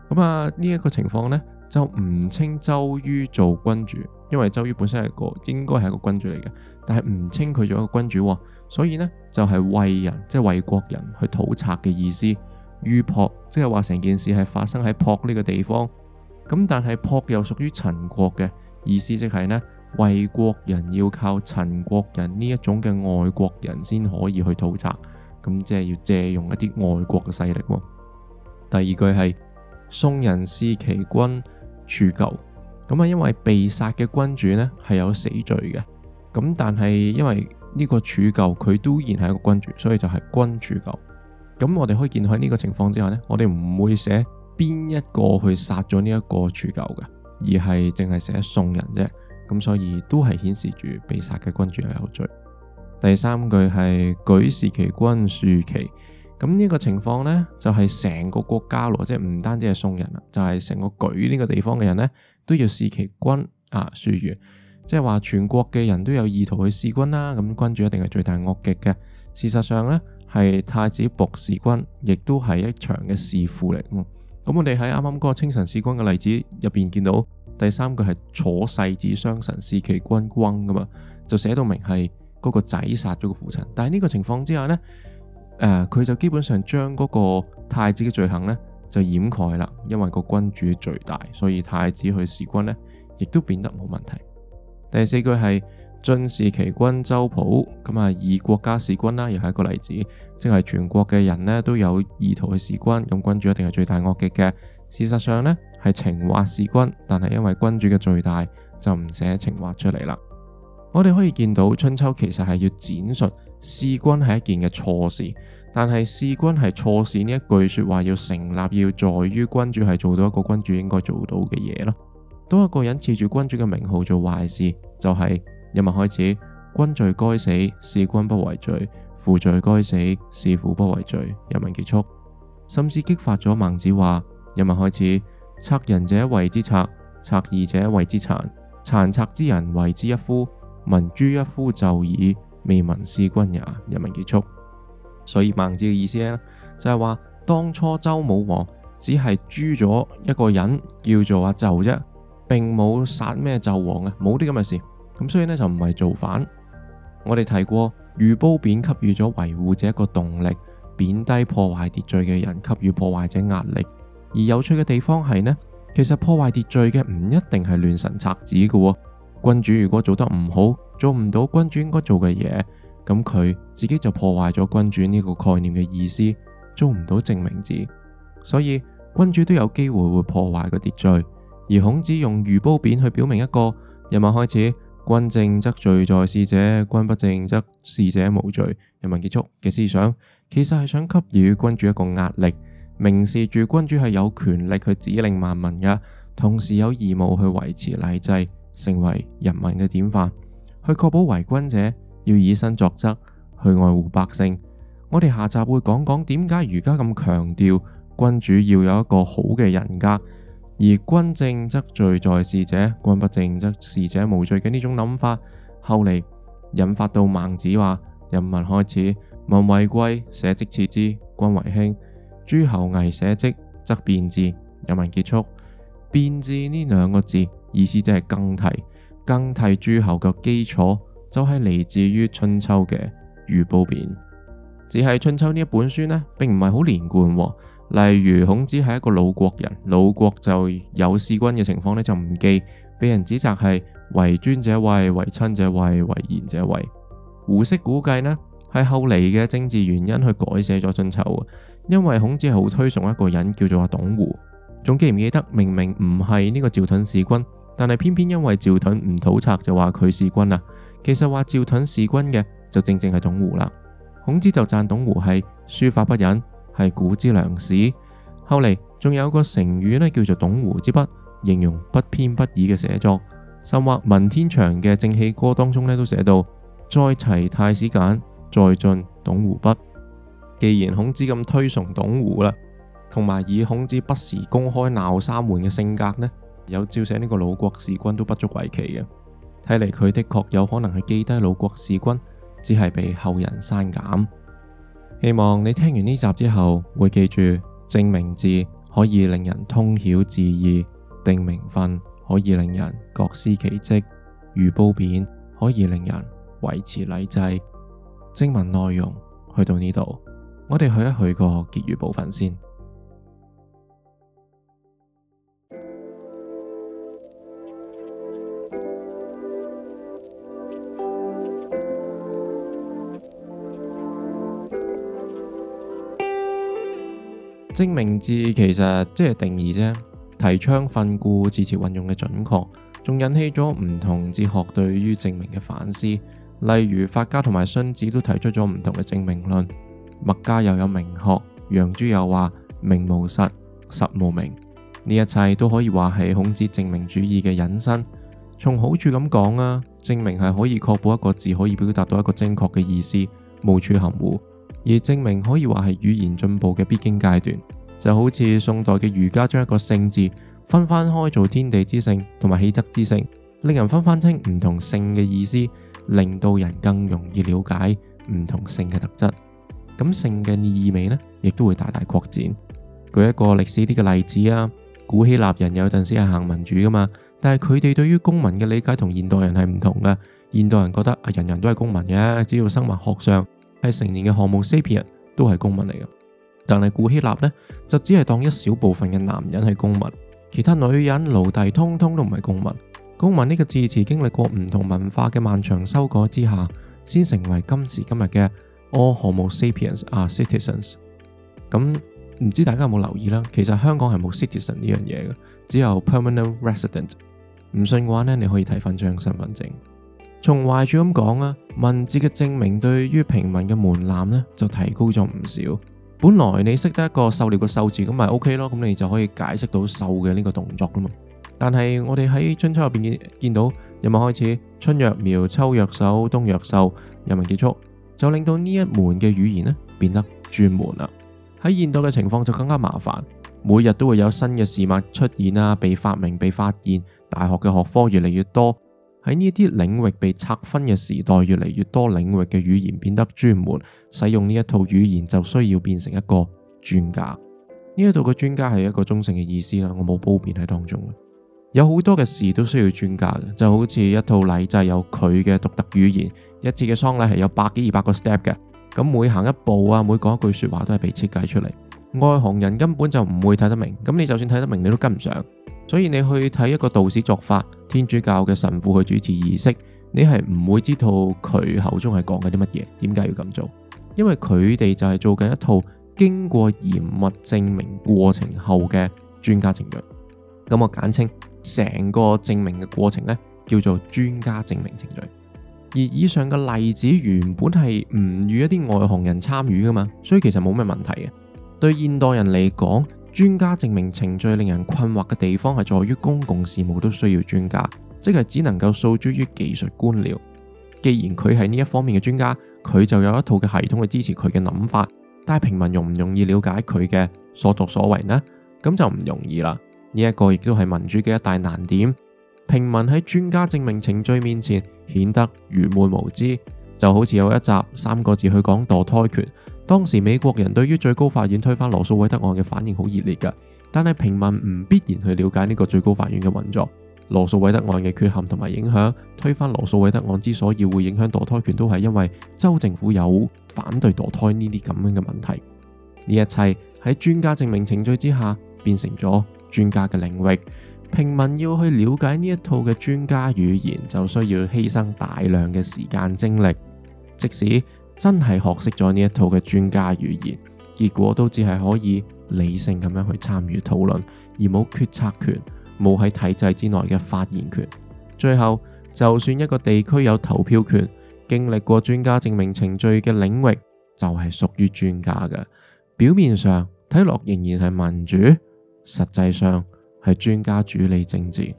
咁啊呢一個情況呢，就唔稱州吁做君主，因為州吁本身係個應該係一個君主嚟嘅，但係唔稱佢做一個君主，所以呢，就係、是、衛人即係衛國人去討賊嘅意思。於濮，即係話成件事係發生喺濮呢個地方。咁但係濮又屬於陳國嘅意思，即係呢衛國人要靠陳國人呢一種嘅外國人先可以去討賊。咁即係要借用一啲外國嘅勢力。第二句係宋人弑其君、杵臼。咁啊，因為被殺嘅君主呢係有死罪嘅。咁但係因為呢個杵臼佢都然係一個君主，所以就係君杵臼。咁我哋可以見到，喺呢個情況之下呢，我哋唔會寫邊一個去殺咗呢一個儲舊嘅，而係淨係寫宋人啫。咁所以都係顯示住被殺嘅君主係有，有罪。第三句係舉弒其君庶其，咁呢個情況呢，就係、是、成個國家咯，即係唔單止係宋人啦，就係、是、成個舉呢個地方嘅人呢，都要弒其君啊庶其，即係話全國嘅人都有意圖去弒君啦。咁君主一定係最大惡極嘅。事實上呢。係太子博士君，亦都係一場嘅弑父嚟。咁、嗯、我哋喺啱啱嗰個清臣弑君嘅例子入邊見到，第三句係楚世子傷臣弑其君君噶嘛，就寫到明係嗰個仔殺咗個父親。但係呢個情況之下呢，誒、呃、佢就基本上將嗰個太子嘅罪行呢就掩蓋啦，因為個君主罪大，所以太子去弑君呢亦都變得冇問題。第四句係晉弑其君周普，咁啊以國家弑君啦，又係一個例子。即係全國嘅人呢都有意圖去弒君，咁君主一定係罪大惡極嘅。事實上呢係情殺弒君，但係因為君主嘅罪大，就唔寫情殺出嚟啦。我哋可以見到春秋其實係要展述弒君係一件嘅錯事，但係弒君係錯事呢一句說話要成立，要在於君主係做到一個君主應該做到嘅嘢咯。當一個人持住君主嘅名號做壞事，就係今日開始君罪該死，弒君不為罪。負罪該死，是父不為罪。人民結束，甚至激發咗孟子話：人民開始，賊仁者謂之賊，賊義者謂之殘，殘賊之人謂之一夫，民誅一夫紂矣，未聞弒君也。人民結束，所以孟子嘅意思呢，就係、是、話當初周武王只係誅咗一個人叫做阿紂啫，並冇殺咩紂王啊，冇啲咁嘅事。咁所以呢，就唔係造反。我哋提過。寓褒貶給予咗維護者一個動力，貶低破壞秩序嘅人，給予破壞者壓力。而有趣嘅地方係呢，其實破壞秩序嘅唔一定係亂臣賊子嘅。君主如果做得唔好，做唔到君主應該做嘅嘢，咁佢自己就破壞咗君主呢個概念嘅意思，做唔到正名字。所以君主都有機會會破壞個秩序。而孔子用寓褒貶去表明一個。今日文開始。君正則罪在士者，君不正則士者無罪。人民結束嘅思想，其實係想給予君主一個壓力，明示住君主係有權力去指令萬民嘅，同時有義務去維持禮制，成為人民嘅典範，去確保為君者要以身作則，去愛護百姓。我哋下集會講講點解儒家咁強調君主要有一個好嘅人格。而君正則罪在事者，君不正則事者無罪嘅呢種諗法，後嚟引發到孟子話：人民開始，民為貴，社稷次之，君為輕。諸侯危社稷，則變置。人民結束，變置呢兩個字意思即係更替，更替諸侯嘅基礎就係嚟自於春秋嘅寓褒貶，只係春秋呢一本書呢，並唔係好連貫，哦。例如孔子係一個魯國人，魯國就有弒君嘅情況呢就唔記，被人指責係為尊者諱、為親者諱、為賢者諱。胡適估計呢係後嚟嘅政治原因去改寫咗春秋，因為孔子好推崇一個人叫做話董狐，仲記唔記得明明唔係呢個趙盾弒君，但係偏偏因為趙盾唔討賊就話佢弒君啊，其實話趙盾弒君嘅就正正係董狐啦，孔子就讚董狐係書法不隱。係古之良史，後嚟仲有個成語呢，叫做董狐之筆，形容不偏不倚嘅寫作。甚或文天祥嘅《正氣歌》當中呢，都寫到：在齊太史簡，在晉董狐筆。既然孔子咁推崇董狐啦，同埋以孔子不時公開鬧三門嘅性格呢，有照寫呢個魯國史君都不足為奇嘅。睇嚟佢的確有可能係記低魯國史君，只係被後人刪減。希望你聽完呢集之後會記住，正名字可以令人通曉字義，定名分可以令人各司其職，寓褒貶可以令人維持禮制。正文內容去到呢度，我哋去一去個結語部分先。正名字其實即係定義啫，提倡訓詁，字詞運用嘅準確，仲引起咗唔同哲學對於正名嘅反思。例如法家同埋荀子都提出咗唔同嘅正名論，墨家又有名學，楊朱又話名無實，實無名。呢一切都可以話係孔子正名主義嘅引申。從好處咁講啊，正名係可以確保一個字可以表達到一個正確嘅意思，無處含糊。而正名可以話係語言進步嘅必經階段，就好似宋代嘅儒家將一個性字分返開做天地之性同埋氣質之性，令人分返清唔同性嘅意思，令到人更容易了解唔同性嘅特質。咁性嘅意味呢，亦都會大大擴展。舉一個歷史啲嘅例子啊，古希臘人有陣時係行民主㗎嘛，但係佢哋對於公民嘅理解同現代人係唔同㗎。現代人覺得啊，人人都係公民嘅，只要生物學上，係成年嘅 Homo sapiens 都係公民嚟嘅。但係古希臘呢，就只係當一小部分嘅男人係公民，其他女人、奴隸通通都唔係公民。公民呢個字詞經歷過唔同文化嘅漫長修改之下，先成為今時今日嘅「All Homo sapiens are citizens」。咁唔、嗯、知大家有冇留意啦？其實香港係冇 Citizen 呢樣嘢嘅，只有 Permanent Resident。唔信嘅話呢，你可以睇翻張身份證。從壞處咁講啊，文字嘅證明對於平民嘅門檻呢，就提高咗唔少。本來你識得一個狩獵嘅狩字咁咪 O K 咯，咁你就可以解釋到狩嘅呢個動作噶嘛。但係我哋喺春秋入邊見，見到人民開始春若苗、秋若手、冬若手，人民結束，就令到呢一門嘅語言呢變得專門啦。喺現代嘅情況就更加麻煩，每日都會有新嘅事物出現啊，被發明、被發現，大學嘅學科越嚟越多。喺呢啲領域被拆分嘅時代，越嚟越多領域嘅語言變得專門，使用呢一套語言，就需要變成一個專家。呢一度嘅專家係一個中性嘅意思啦，我冇褒貶喺當中。有好多嘅事都需要專家嘅，就好似一套禮制有佢嘅獨特語言，一次嘅喪禮係有百幾二百個 step 嘅，咁每行一步啊，每講一句説話都係被設計出嚟。外行人根本就唔會睇得明，咁你就算睇得明，你都跟唔上。所以你去睇一個道士作法，天主教嘅神父去主持儀式，你係唔會知道佢口中係講緊啲乜嘢，點解要咁做？因為佢哋就係做緊一套經過嚴密證明過程後嘅專家程序。咁我簡稱成個證明嘅過程呢，叫做專家證明程序。而以上嘅例子原本係唔預一啲外行人參與噶嘛，所以其實冇咩問題嘅。對現代人嚟講，專家證明程序令人困惑嘅地方係在於公共事務都需要專家，即係只能夠訴諸於技術官僚。既然佢係呢一方面嘅專家，佢就有一套嘅系統去支持佢嘅諗法，但係平民容唔容易了解佢嘅所作所為呢？咁就唔容易啦。呢一個亦都係民主嘅一大難點。平民喺專家證明程序面前顯得愚昧無知，就好似有一集三個字去講墮胎權。當時美國人對於最高法院推翻羅訴韋德案嘅反應好熱烈噶但係平民唔必然去了解呢個最高法院嘅運作、羅訴韋德案嘅缺陷同埋影響。推翻羅訴韋德案之所以會影響墮胎權，都係因為州政府有反對墮胎呢啲咁樣嘅問題。呢一切喺專家證明程序之下，變成咗專家嘅領域。平民要去了解呢一套嘅專家語言，就需要犧牲大量嘅時間精力，即使。真係學識咗呢一套嘅專家語言，結果都只係可以理性咁樣去參與討論，而冇決策權，冇喺體制之內嘅發言權。最後，就算一個地區有投票權，經歷過專家證明程序嘅領域就係屬於專家嘅。表面上睇落仍然係民主，實際上係專家主理政治。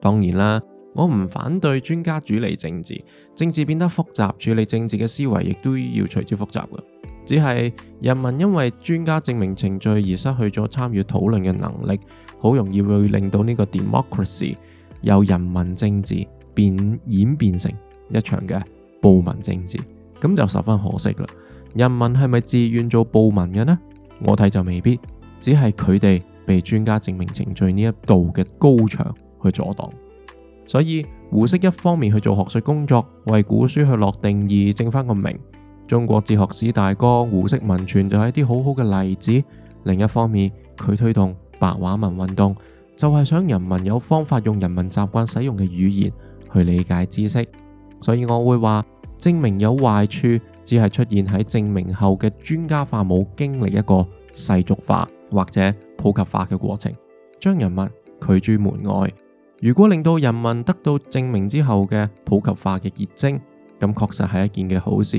當然啦。我唔反對專家處理政治，政治變得複雜，處理政治嘅思維亦都要隨之複雜噶。只係人民因為專家證明程序而失去咗參與討論嘅能力，好容易會令到呢個 democracy 由人民政治變演變成一場嘅暴民政治，咁就十分可惜啦。人民係咪自願做暴民嘅呢？我睇就未必，只係佢哋被專家證明程序呢一度嘅高牆去阻擋。所以胡適一方面去做學術工作，為古書去落定義，正翻個名。中國哲學史大綱、胡適文存就係一啲好好嘅例子。另一方面，佢推動白話文運動，就係、是、想人民有方法用人民習慣使用嘅語言去理解知識。所以我會話，正名有壞處，只係出現喺正名後嘅專家化，冇經歷一個世俗化或者普及化嘅過程，將人民拒諸門外。如果令到人民得到正名之後嘅普及化嘅結晶，咁確實係一件嘅好事。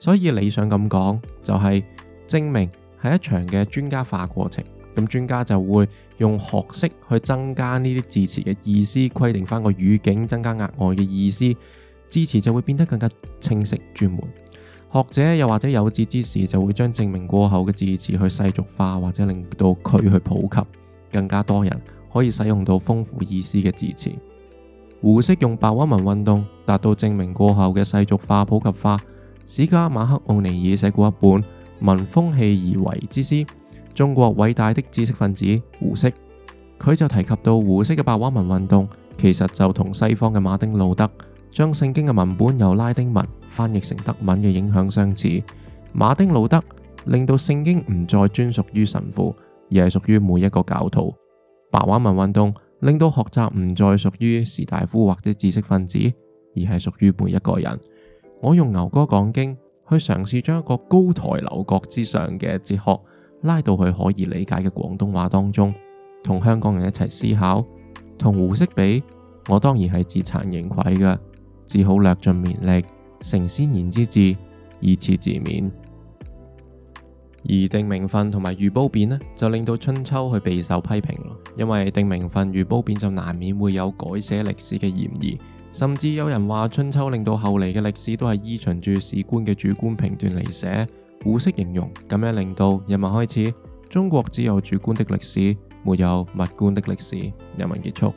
所以理想咁講，就係、是、正名係一場嘅專家化過程。咁專家就會用學識去增加呢啲字詞嘅意思，規定返個語境，增加額外嘅意思。字詞就會變得更加清晰專門。學者又或者有志之士就會將正名過後嘅字詞去世俗化，或者令到佢去普及更加多人。可以使用到豐富意思嘅字詞。胡適用白話文運動達到正名過後嘅世俗化、普及化。史家馬克奧尼爾寫過一本《開風氣而為之師》，中國偉大的知識分子胡適，佢就提及到胡適嘅白話文運動其實就同西方嘅馬丁路德將聖經嘅文本由拉丁文翻譯成德文嘅影響相似。馬丁路德令到聖經唔再專屬於神父，而係屬於每一個教徒。白話文運動令到學習唔再屬於士大夫或者知識分子，而係屬於每一個人。我用牛哥講經去嘗試將一個高台樓閣之上嘅哲學拉到去可以理解嘅廣東話當中，同香港人一齊思考。同胡適比，我當然係自慚形穢嘅，只好略盡綿力，成先賢之志，以此自勉。而定名份同埋寓褒貶呢，就令到春秋去備受批評咯。因為定名份寓褒貶就難免會有改寫歷史嘅嫌疑，甚至有人話春秋令到後嚟嘅歷史都係依循住史官嘅主觀評斷嚟寫，胡適形容，咁樣令到人民開始中國只有主觀的歷史，沒有物觀的歷史。人民結束。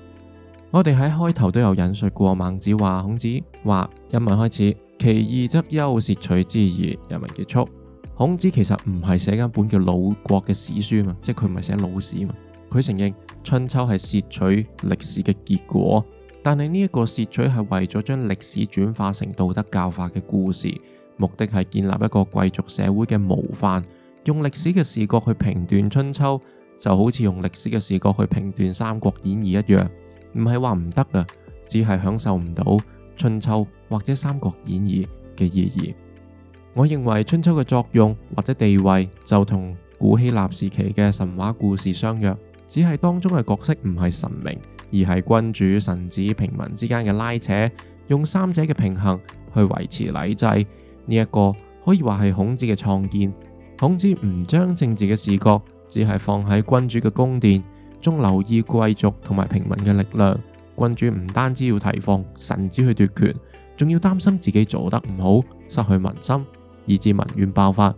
我哋喺開頭都有引述過孟子話孔子話，人民開始其義則丘竊取之矣，人民結束。孔子其實唔係寫緊本叫《魯國》嘅史書嘛，即係佢唔係寫《魯史》嘛。佢承認《春秋》係竊取歷史嘅結果，但係呢一個竊取係為咗將歷史轉化成道德教化嘅故事，目的係建立一個貴族社會嘅模範。用歷史嘅視角去評斷《春秋》，就好似用歷史嘅視角去評斷《三國演義》一樣，唔係話唔得噶，只係享受唔到《春秋》或者《三國演義》嘅意義。我認為春秋嘅作用或者地位就同古希臘時期嘅神話故事相若，只係當中嘅角色唔係神明，而係君主、臣子、平民之間嘅拉扯，用三者嘅平衡去維持禮制。呢一個可以話係孔子嘅創建。孔子唔將政治嘅視角只係放喺君主嘅宮殿，仲留意貴族同埋平民嘅力量。君主唔單止要提防臣子去奪權，仲要擔心自己做得唔好，失去民心，以致民怨爆發，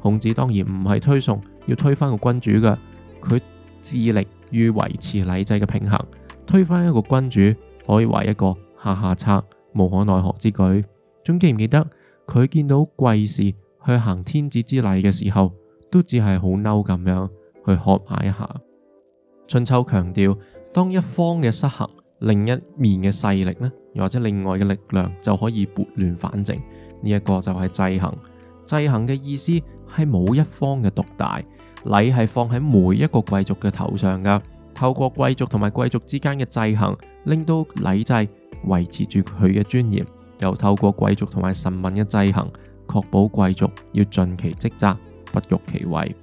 孔子當然唔係推崇要推翻個君主嘅，佢致力於維持禮制嘅平衡，推翻一個君主可以為一個下下策，無可奈何之舉。仲記唔記得佢見到季氏去行天子之禮嘅時候，都只係好嬲咁樣去喝罵一下。春秋強調，當一方嘅失衡，另一面嘅勢力呢，又或者另外嘅力量就可以撥亂反正。呢一個就係制衡。制衡嘅意思係冇一方嘅獨大，禮係放喺每一個貴族嘅頭上噶。透過貴族同埋貴族之間嘅制衡，令到禮制維持住佢嘅尊嚴，又透過貴族同埋臣民嘅制衡，確保貴族要盡其職責，不辱其位。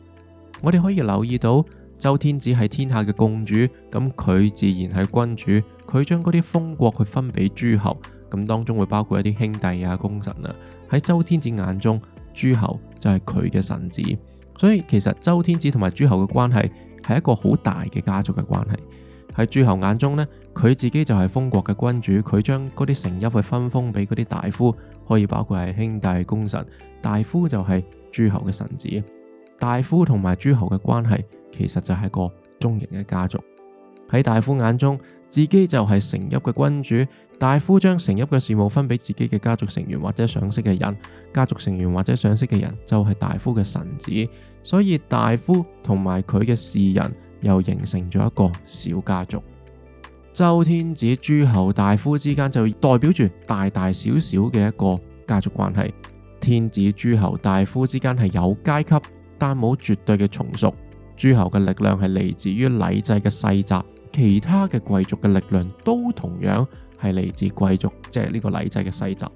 我哋可以留意到，周天子係天下嘅共主，咁佢自然係君主，佢將嗰啲封國去分俾諸侯。咁當中會包括一啲兄弟啊、功臣啊，喺周天子眼中，諸侯就係佢嘅臣子。所以其實周天子同埋諸侯嘅關係係一個好大嘅家族嘅關係。喺諸侯眼中呢，佢自己就係封國嘅君主，佢將嗰啲成邑去分封俾嗰啲大夫，可以包括係兄弟、功臣。大夫就係諸侯嘅臣子。大夫同埋諸侯嘅關係，其實就係一個中型嘅家族。喺大夫眼中，自己就係成邑嘅君主。大夫將成邑嘅事務分俾自己嘅家族成員或者賞識嘅人，家族成員或者賞識嘅人就係大夫嘅臣子，所以大夫同埋佢嘅士人又形成咗一個小家族。周天子、諸侯、大夫之間就代表住大大小小嘅一個家族關係。天子、諸侯、大夫之間係有階級，但冇絕對嘅從屬。諸侯嘅力量係嚟自於禮制嘅世襲，其他嘅貴族嘅力量都同樣，係嚟自貴族，即係呢個禮制嘅細則，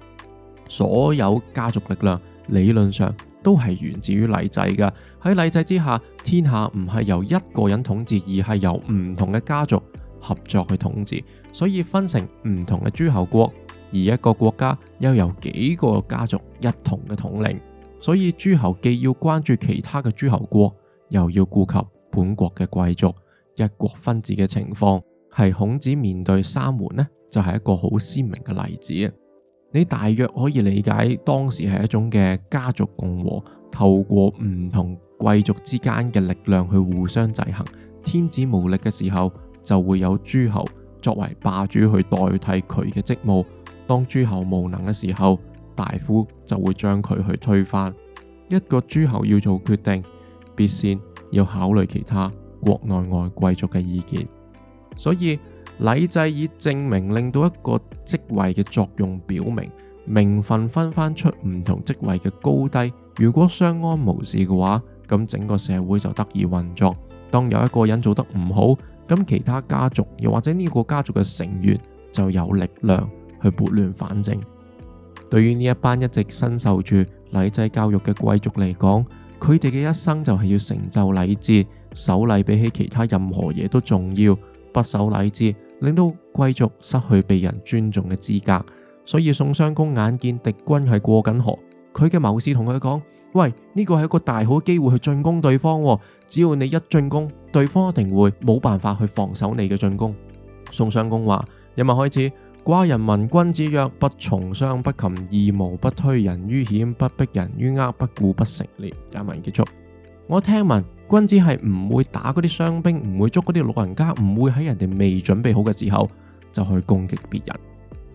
所有家族力量理論上都係源自於禮制嘅。喺禮制之下，天下唔係由一個人統治，而係由唔同嘅家族合作去統治，所以分成唔同嘅諸侯國。而一個國家又有幾個家族一同嘅統領，所以諸侯既要關注其他嘅諸侯國，又要顧及本國嘅貴族。一國分治嘅情況係孔子面對三門呢？就係一個好鮮明嘅例子。你大約可以理解，當時係一種嘅家族共和，透過唔同貴族之間嘅力量去互相制衡。天子無力嘅時候，就會有諸侯作為霸主去代替佢嘅職務。當諸侯無能嘅時候，大夫就會將佢去推翻。一個諸侯要做決定，必先要考慮其他國內外貴族嘅意見。所以。禮制以正名，令到一個職位嘅作用，表明名分，分翻出唔同職位嘅高低。如果相安無事嘅話，咁整個社會就得以運作。當有一個人做得唔好，咁其他家族又或者呢個家族嘅成員就有力量去撥亂反正。對於呢一班一直身受住禮制教育嘅貴族嚟講，佢哋嘅一生就係要成就禮制，守禮比起其他任何嘢都重要。不守禮制，令到貴族失去被人尊重嘅資格，所以宋襄公眼見敵軍係過緊河，佢嘅謀士同佢講：，喂，呢個係一個大好機會去進攻對方，只要你一進攻，對方一定會冇辦法去防守你嘅進攻。宋襄公話：，引文開始，寡人聞君子曰：不重傷不擒，二毛不推人於險，不逼人於厄，不鼓不成列。引文結束，我聽聞。君子係唔會打嗰啲傷兵，唔會捉嗰啲老人家，唔會喺人哋未準備好嘅時候就去攻擊別人。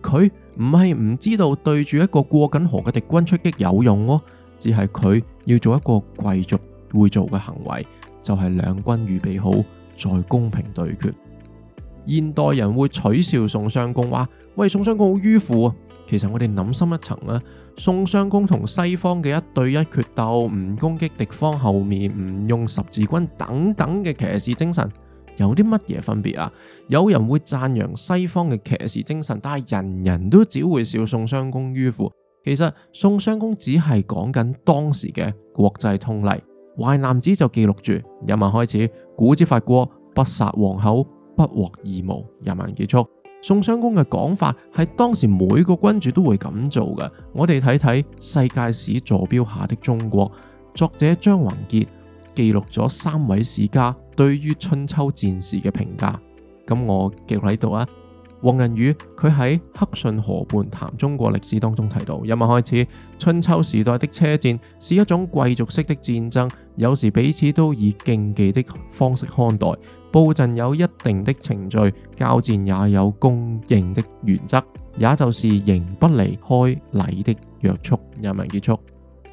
佢唔係唔知道對住一個過緊河嘅敵軍出擊有用咯，只係佢要做一個貴族會做嘅行為，就係、是、兩軍預備好再公平對決。現代人會取笑宋襄公話：喂，宋襄公好迂腐啊！其實我哋諗深一層啦，宋襄公同西方嘅一對一決鬥，唔攻擊敵方後面，唔用十字軍等等嘅騎士精神，有啲乜嘢分別啊？有人會讚揚西方嘅騎士精神，但係人人都只會笑宋襄公迂腐。其實宋襄公只係講緊當時嘅國際通例。淮南子就記錄住，引文開始，古之伐國，不殺王后，不獲二毛。引文結束。宋襄公嘅講法係當時每個君主都會咁做嘅。我哋睇睇世界史坐標下的中國，作者張宏傑記錄咗三位史家對於春秋戰事嘅評價。咁我記錄喺度啊。黃仁宇佢喺《赫遜河畔談中國歷史》當中提到，今日開始，春秋時代的車戰是一種貴族式的戰爭，有時彼此都以競技的方式看待。布陣有一定的程序，交戰也有公認的原則，也就是仍不離開禮的約束。人民結束。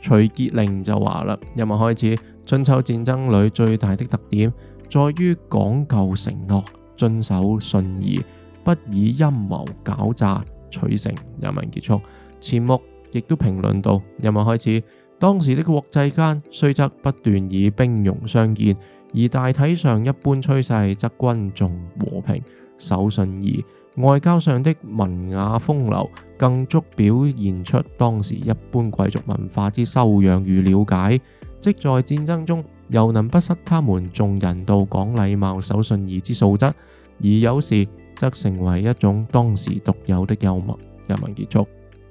徐杰玲就話啦：，人民開始，春秋戰爭裏最大的特點在於講究承諾、遵守信義，不以陰謀狡詐取勝。人民結束。錢穆亦都評論到：，人民開始，當時的國際間雖則不斷以兵戎相見。而大體上一般趨勢則均重和平、守信義，外交上的文雅風流更足表現出當時一般貴族文化之修養與了解，即在戰爭中又能不失他們重人道、講禮貌、守信義之素質，而有時則成為一種當時獨有的幽默。引文結束，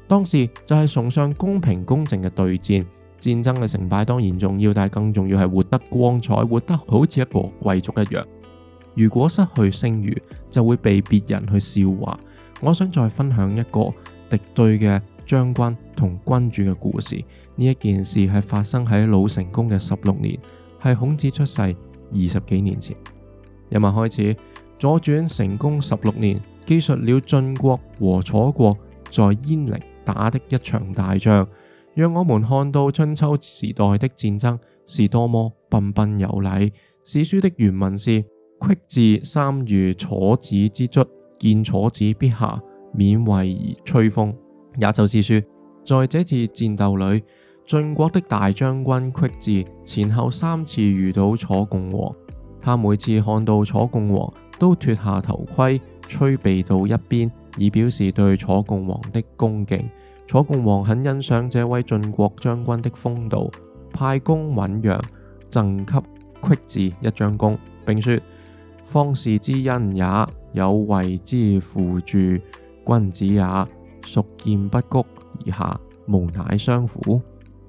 當時就係崇尚公平公正嘅對戰。戰爭嘅成敗當然重要，但係更重要係活得光彩，活得好似一個貴族一樣。如果失去聲譽，就會被別人去笑話。我想再分享一個敵對嘅將軍同君主嘅故事。呢一件事係發生喺魯成公嘅十六年，係孔子出世二十幾年前。今日文開始左傳成公十六年，記述了晉國和楚國在鄢陵打的一場大仗。讓我們看到春秋時代的戰爭是多麼彬彬有禮史書的原文是：郤至三遇楚子之卒，見楚子必下，免位而吹風。也就是說，在這次戰鬥裏，晉國的大將軍郤至前後三次遇到楚共王，他每次看到楚共王都脱下頭盔，吹避到一邊，以表示對楚共王的恭敬。楚共王很欣賞這位晉國將軍的風度，派公允揚贈給屈字一張弓，並說：方士之恩也，有為之輔助君子也，孰見不谷而下，無乃相苦？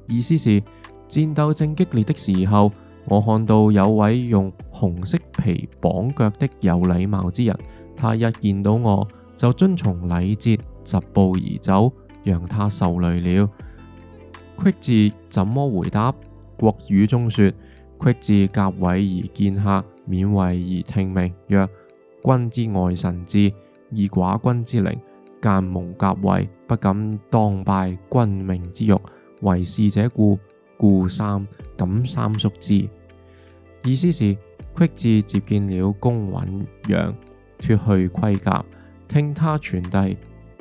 意思是戰鬥正激烈的時候，我看到有位用紅色皮綁腳的有禮貌之人，他一見到我就遵從禮節疾步而走。讓他受累了，屈字怎麼回答？國語中說，屈字甲位而見客，免位而聽命。曰：君之外臣之，以寡君之靈，間蒙甲位，不敢當拜君命之辱。為事者故，故三敢三叔之。意思是，屈字接見了公允養，脱去盔甲，聽他傳遞。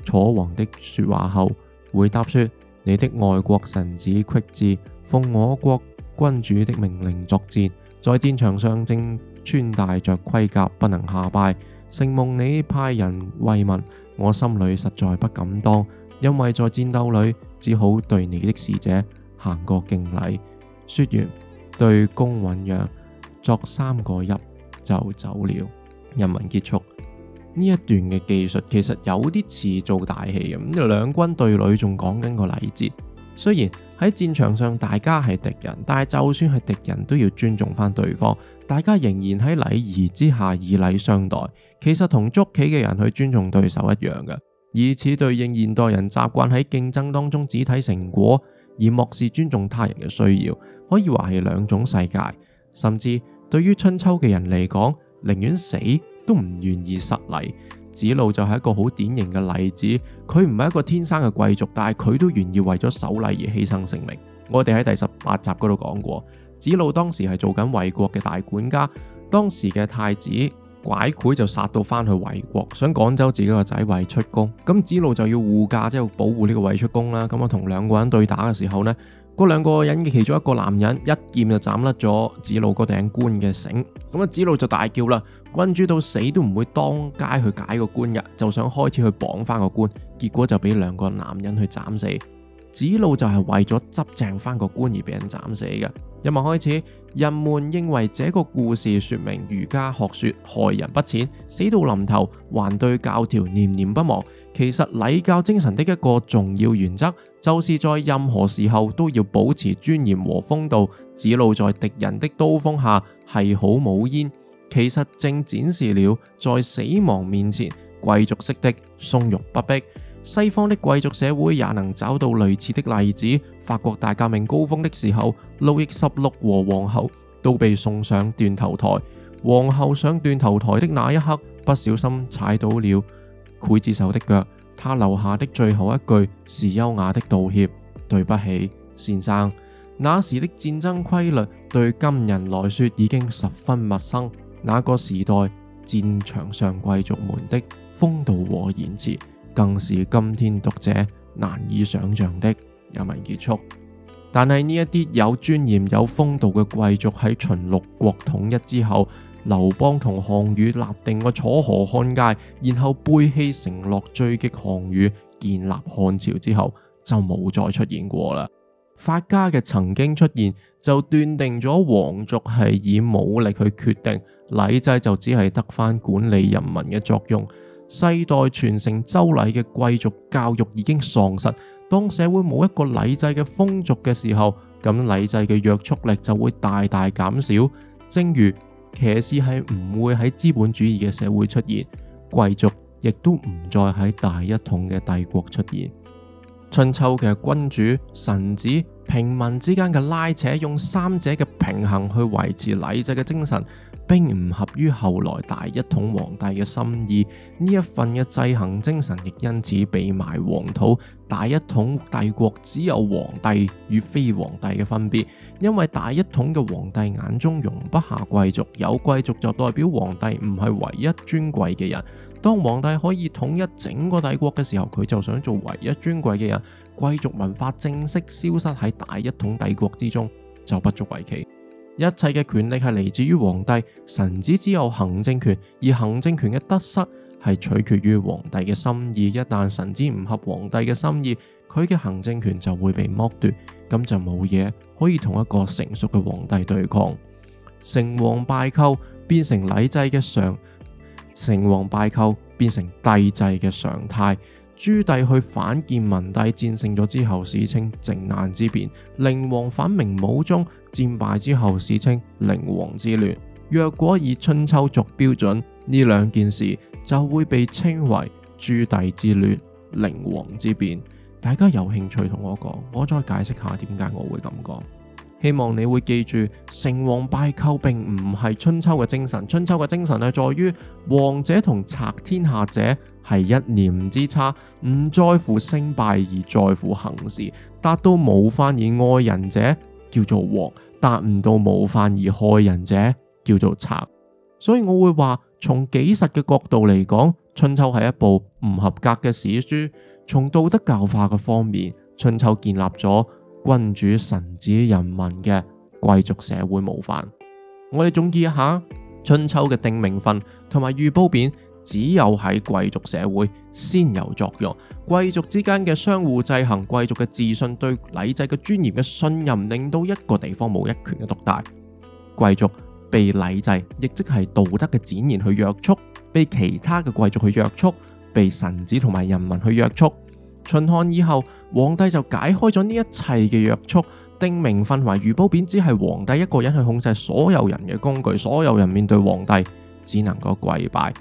楚王的說話後，回答說：你的外國臣子郤至，奉我國君主的命令作戰，在戰場上正穿戴着盔甲，不能下拜。承蒙你派人慰問，我心裏實在不敢當，因為在戰鬥裏，只好對你的使者行個敬禮。說完，對公允讓作三個揖就走了。譯文結束。呢一段嘅技術其實有啲似做大戲咁，兩軍對壘仲講緊個禮節。雖然喺戰場上大家係敵人，但係就算係敵人都要尊重翻對方，大家仍然喺禮儀之下以禮相待。其實同捉棋嘅人去尊重對手一樣嘅，以此對應現代人習慣喺競爭當中只睇成果而漠視尊重他人嘅需要，可以話係兩種世界。甚至對於春秋嘅人嚟講，寧願死，都唔願意失禮，子路就係一個好典型嘅例子。佢唔係一個天生嘅貴族，但係佢都願意為咗守禮而犧牲性命。我哋喺第十八集嗰度講過，子路當時係做緊衛國嘅大管家，當時嘅太子。拐攰，就殺到翻去衛國，想趕走自己個仔衛出公，咁子路就要護駕，即係要保護呢個衛出公啦。咁啊同兩個人對打嘅時候呢，嗰兩個人嘅其中一個男人一劍就斬甩咗子路個頂官嘅繩，咁啊子路就大叫啦，君主到死都唔會當街去解個官嘅，就想開始去綁翻個官，結果就俾兩個男人去斬死。子路就係為咗執正返個官而俾人斬死嘅。今日文開始，人們認為這個故事說明儒家學說害人不淺，死到臨頭還對教條念念不忘。其實禮教精神的一個重要原則，就是在任何時候都要保持尊嚴和風度。子路在敵人的刀鋒下繫好冇煙，其實正展示了在死亡面前貴族式的從容不迫。西方的貴族社會也能找到類似的例子。法國大革命高峰的時候，路易十六和皇后都被送上斷頭台。皇后上斷頭台的那一刻，不小心踩到了劊子手的腳。他留下的最後一句是優雅的道歉：對不起，先生。那時的戰爭規律對今人來說已經十分陌生。那個時代戰場上貴族們的風度和言辭。更是今天讀者難以想象的。有文結束，但係呢一啲有尊嚴、有風度嘅貴族喺秦六國統一之後，劉邦同項羽立定個楚河漢界，然後背棄承諾追擊項羽，建立漢朝之後就冇再出現過啦。法家嘅曾經出現，就斷定咗皇族係以武力去決定禮制，就只係得翻管理人民嘅作用。世代傳承周禮嘅貴族教育已經喪失。當社會冇一個禮制嘅風俗嘅時候，咁禮制嘅約束力就會大大減少。正如騎士係唔會喺資本主義嘅社會出現，貴族亦都唔再喺大一統嘅帝國出現。春秋嘅君主、臣子、平民之間嘅拉扯，用三者嘅平衡去維持禮制嘅精神，並唔合於後來大一統皇帝嘅心意，呢一份嘅制衡精神亦因此被埋黃土。大一統帝國只有皇帝與非皇帝嘅分別，因為大一統嘅皇帝眼中容不下貴族，有貴族就代表皇帝唔係唯一尊貴嘅人。當皇帝可以統一整個帝國嘅時候，佢就想做唯一尊貴嘅人，貴族文化正式消失喺大一統帝國之中，就不足為奇。一切嘅權力係嚟自於皇帝，臣子只有行政權，而行政權嘅得失係取決於皇帝嘅心意。一旦臣子唔合皇帝嘅心意，佢嘅行政權就會被剝奪，咁就冇嘢可以同一個成熟嘅皇帝對抗，成王敗寇變成禮制嘅常，成王敗寇變成帝制嘅常態。朱棣去反建文帝，戰勝咗之後，史稱靖難之變，寧王反明武宗，戰敗之後，史稱寧王之亂。若果以春秋作標準，呢兩件事就會被稱為朱棣之亂、寧王之變。大家有興趣同我講，我再解釋下點解我會咁講。希望你會記住，成王敗寇並唔係春秋嘅精神。春秋嘅精神係在於王者同拆天下者，係一念之差，唔在乎勝敗而在乎行事，達到模範而愛人者叫做王；達唔到模範而害人者叫做賊。所以我會話，從紀實嘅角度嚟講，《春秋》係一部唔合格嘅史書；從道德教化嘅方面，《春秋》建立咗君主、臣子、人民嘅貴族社會模範。我哋總結一下，《春秋》嘅定名分同埋寓褒貶。只有喺貴族社會先有作用，貴族之間嘅相互制衡，貴族嘅自信對禮制嘅尊嚴嘅信任，令到一個地方冇一權嘅獨大。貴族被禮制，亦即係道德嘅展現去約束，被其他嘅貴族去約束，被臣子同埋人民去約束。秦漢以後，皇帝就解開咗呢一切嘅約束，定名分、寓褒貶，只係皇帝一個人去控制所有人嘅工具，所有人面對皇帝只能夠跪拜。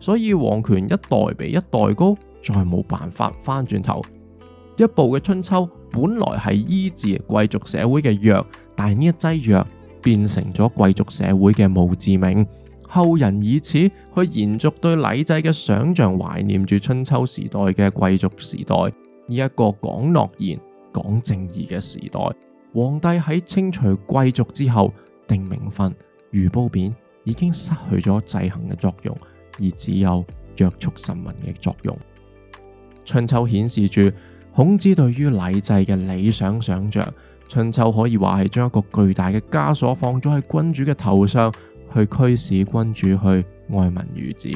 所以皇權一代比一代高，再冇辦法翻轉頭。一部嘅春秋本來係醫治貴族社會嘅藥，但係呢一劑藥變成咗貴族社會嘅墓誌銘，後人以此去延續對禮制嘅想象，懷念住春秋時代嘅貴族時代呢一個講諾言、講正義嘅時代。皇帝喺清除貴族之後定名分、寓褒貶，已經失去咗制衡嘅作用。而只有約束臣民嘅作用。春秋顯示住孔子對於禮制嘅理想想象，春秋可以話係將一個巨大嘅枷鎖放咗喺君主嘅頭上，去驅使君主去愛民如子。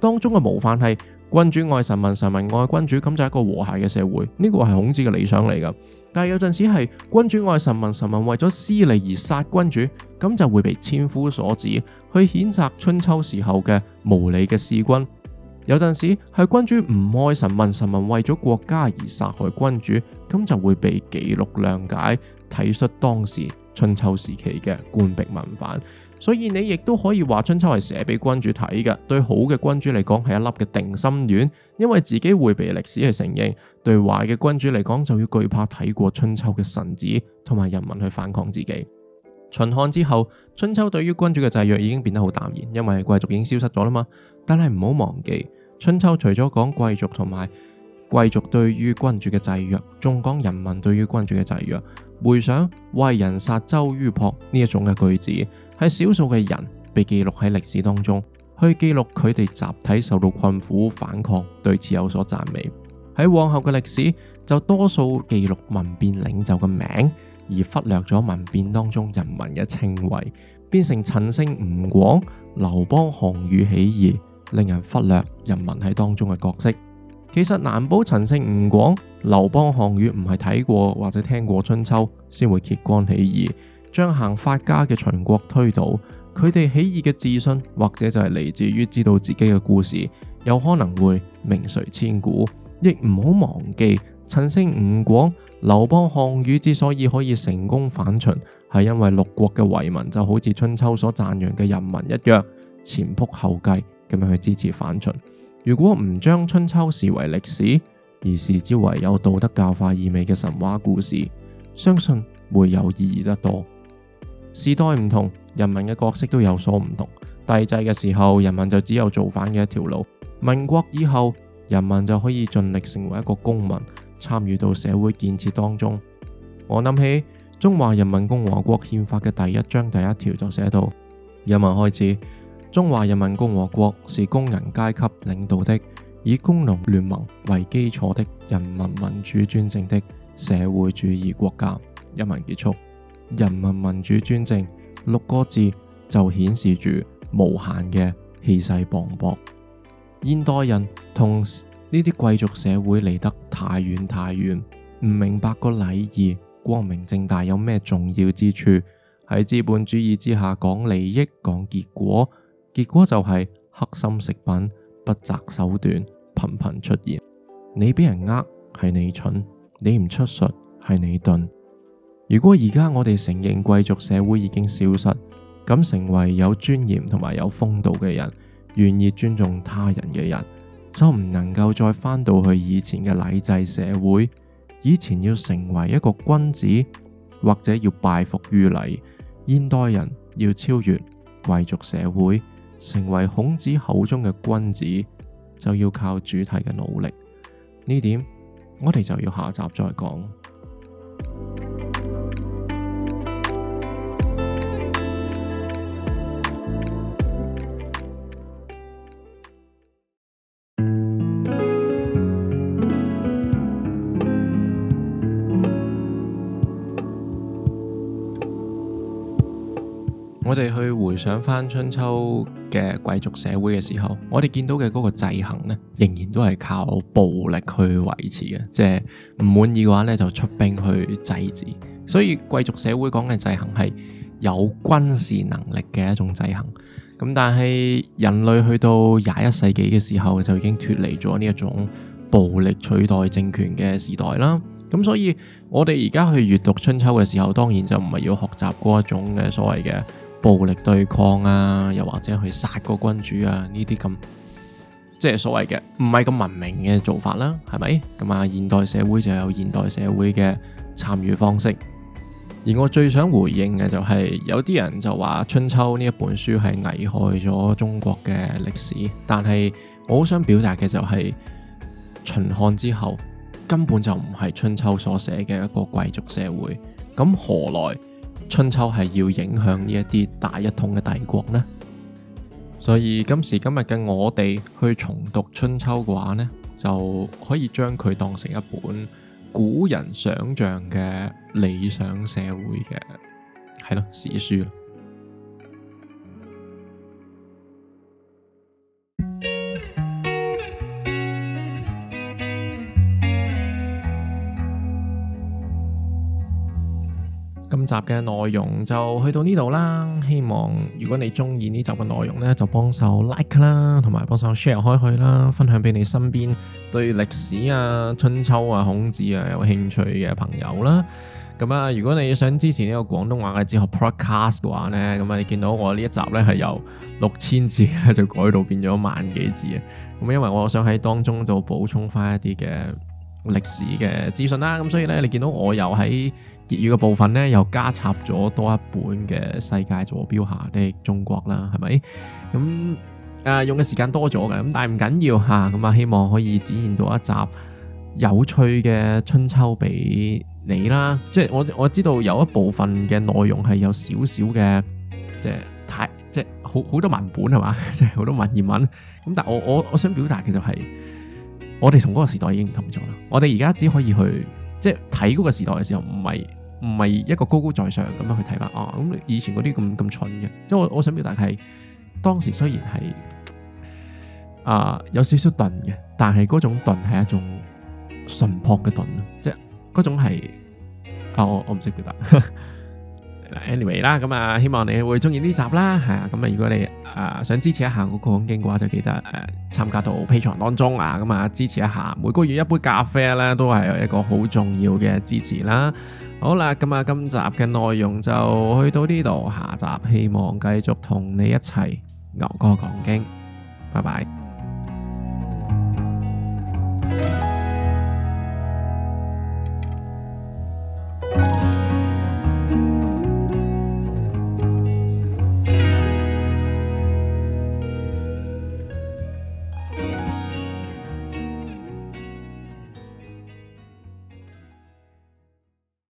當中嘅模範係君主愛臣民，臣民愛君主，咁就係一個和諧嘅社會。呢個係孔子嘅理想嚟噶。但有陣時係君主愛臣民，臣民為咗私利而殺君主，咁就會被千夫所指，去譴責春秋時候嘅無理嘅弒君。有陣時係君主唔愛臣民，臣民為咗國家而殺害君主，咁就會被記錄諒解，體恤當時春秋時期嘅官逼民反。所以你亦都可以話春秋係寫俾君主睇嘅，對好嘅君主嚟講係一粒嘅定心丸，因為自己會被歷史去承認；對壞嘅君主嚟講就要懼怕睇過春秋嘅臣子同埋人民去反抗自己。秦漢之後，春秋對於君主嘅制約已經變得好淡然，因為貴族已經消失咗啦嘛。但係唔好忘記，春秋除咗講貴族同埋貴族對於君主嘅制約，仲講人民對於君主嘅制約。回想衛人殺州吁于濮呢一種嘅句子，係少數嘅人被記錄喺歷史當中，去記錄佢哋集體受到困苦反抗，對此有所讚美。喺往後嘅歷史就多數記錄民變領袖嘅名，而忽略咗民變當中人民嘅稱謂，變成陳勝吳廣、劉邦項羽起義，令人忽略人民喺當中嘅角色。其實難保陳勝吳廣、劉邦項羽唔係睇過或者聽過《春秋》先會揭竿起義，將行法家嘅秦國推倒。佢哋起義嘅自信，或者就係嚟自於知道自己嘅故事，有可能會名垂千古。亦唔好忘記，陳勝吳廣、劉邦項羽之所以可以成功反秦，係因為六國嘅遺民就好似《春秋》所讚揚嘅人民一樣，前仆後繼咁樣去支持反秦。如果唔將春秋視為歷史，而視之為有道德教化意味嘅神話故事，相信會有意義得多。時代唔同，人民嘅角色都有所唔同。帝制嘅時候，人民就只有造反嘅一條路。民國以後，人民就可以盡力成為一個公民，參與到社會建設當中。我諗起中華人民共和國憲法嘅第一章第一條就寫到：人民開始。中華人民共和國是工人階級領導的、以工農聯盟為基礎的人民民主專政的社會主義國家。一文結束，人民民主專政六個字就顯示住無限嘅氣勢磅礴。現代人同呢啲貴族社會離得太遠太遠，唔明白個禮儀光明正大有咩重要之處。喺資本主義之下，講利益，講結果。結果就係黑心食品不擇手段頻頻出現，你俾人呃係你蠢，你唔出術係你鈍。如果而家我哋承認貴族社會已經消失，咁成為有尊嚴同埋有風度嘅人，願意尊重他人嘅人，就唔能夠再返到去以前嘅禮制社會。以前要成為一個君子，或者要拜服於禮，現代人要超越貴族社會。成為孔子口中嘅君子，就要靠主體嘅努力。呢點我哋就要下集再講。想返春秋嘅貴族社會嘅時候，我哋見到嘅嗰個制衡呢，仍然都係靠暴力去維持嘅，即係唔滿意嘅話呢，就出兵去制止。所以貴族社會講嘅制衡係有軍事能力嘅一種制衡。咁但係人類去到廿一世紀嘅時候就已經脫離咗呢一種暴力取代政權嘅時代啦。咁所以我哋而家去閱讀春秋嘅時候，當然就唔係要學習嗰一種嘅所謂嘅。暴力對抗啊，又或者去殺個君主啊，呢啲咁即係所謂嘅唔係咁文明嘅做法啦，係咪？咁啊，現代社會就有現代社會嘅參與方式。而我最想回應嘅就係，有啲人就話《春秋》呢一本書係危害咗中國嘅歷史，但係我好想表達嘅就係，秦漢之後根本就唔係《春秋》所寫嘅一個貴族社會，咁何來？春秋係要影響呢一啲大一統嘅帝國呢，所以今時今日嘅我哋去重讀《春秋》嘅話呢，就可以將佢當成一本古人想象嘅理想社會嘅，係咯史書咯。今集嘅內容就去到呢度啦，希望如果你中意呢集嘅內容呢，就幫手 like 啦，同埋幫手 share 開去啦，分享俾你身邊對歷史啊、春秋啊、孔子啊有興趣嘅朋友啦。咁啊，如果你想支持呢個廣東話嘅哲學 podcast 嘅話呢，咁啊，你見到我呢一集呢係由六千字就改到變咗萬幾字啊。咁因為我想喺當中就補充翻一啲嘅。歷史嘅資訊啦，咁所以咧，你見到我又喺結語嘅部分咧，又加插咗多一本嘅《世界坐標下的中國》啦，係咪？咁誒、啊，用嘅時間多咗嘅，咁但係唔緊要吓，咁啊，啊，希望可以展現到一集有趣嘅春秋俾你啦。即係我我知道有一部分嘅內容係有少少嘅，即係太即係好好多文本係嘛，即係好多文言文。咁但係我我我想表達嘅就係、是。我哋同嗰個時代已經唔同咗啦，我哋而家只可以去即係睇嗰個時代嘅時候，唔係唔係一個高高在上咁樣去睇返哦，咁以前嗰啲咁咁蠢嘅。即係我我想表達係當時雖然係啊、呃、有少少鈍嘅，但係嗰種鈍係一種淳樸嘅鈍咯，即係嗰種係啊我我唔識表達。 Anyway 啦，咁啊希望你會中意呢集啦，係啊，咁啊如果你。誒、呃，想支持一下嗰個講經嘅話，就記得誒、呃、參加到 Patreon 當中啊，咁、嗯、啊支持一下，每個月一杯咖啡咧都係有一個好重要嘅支持啦。好啦，咁、嗯、啊今集嘅內容就去到呢度，下集希望繼續同你一齊牛哥講經，拜拜。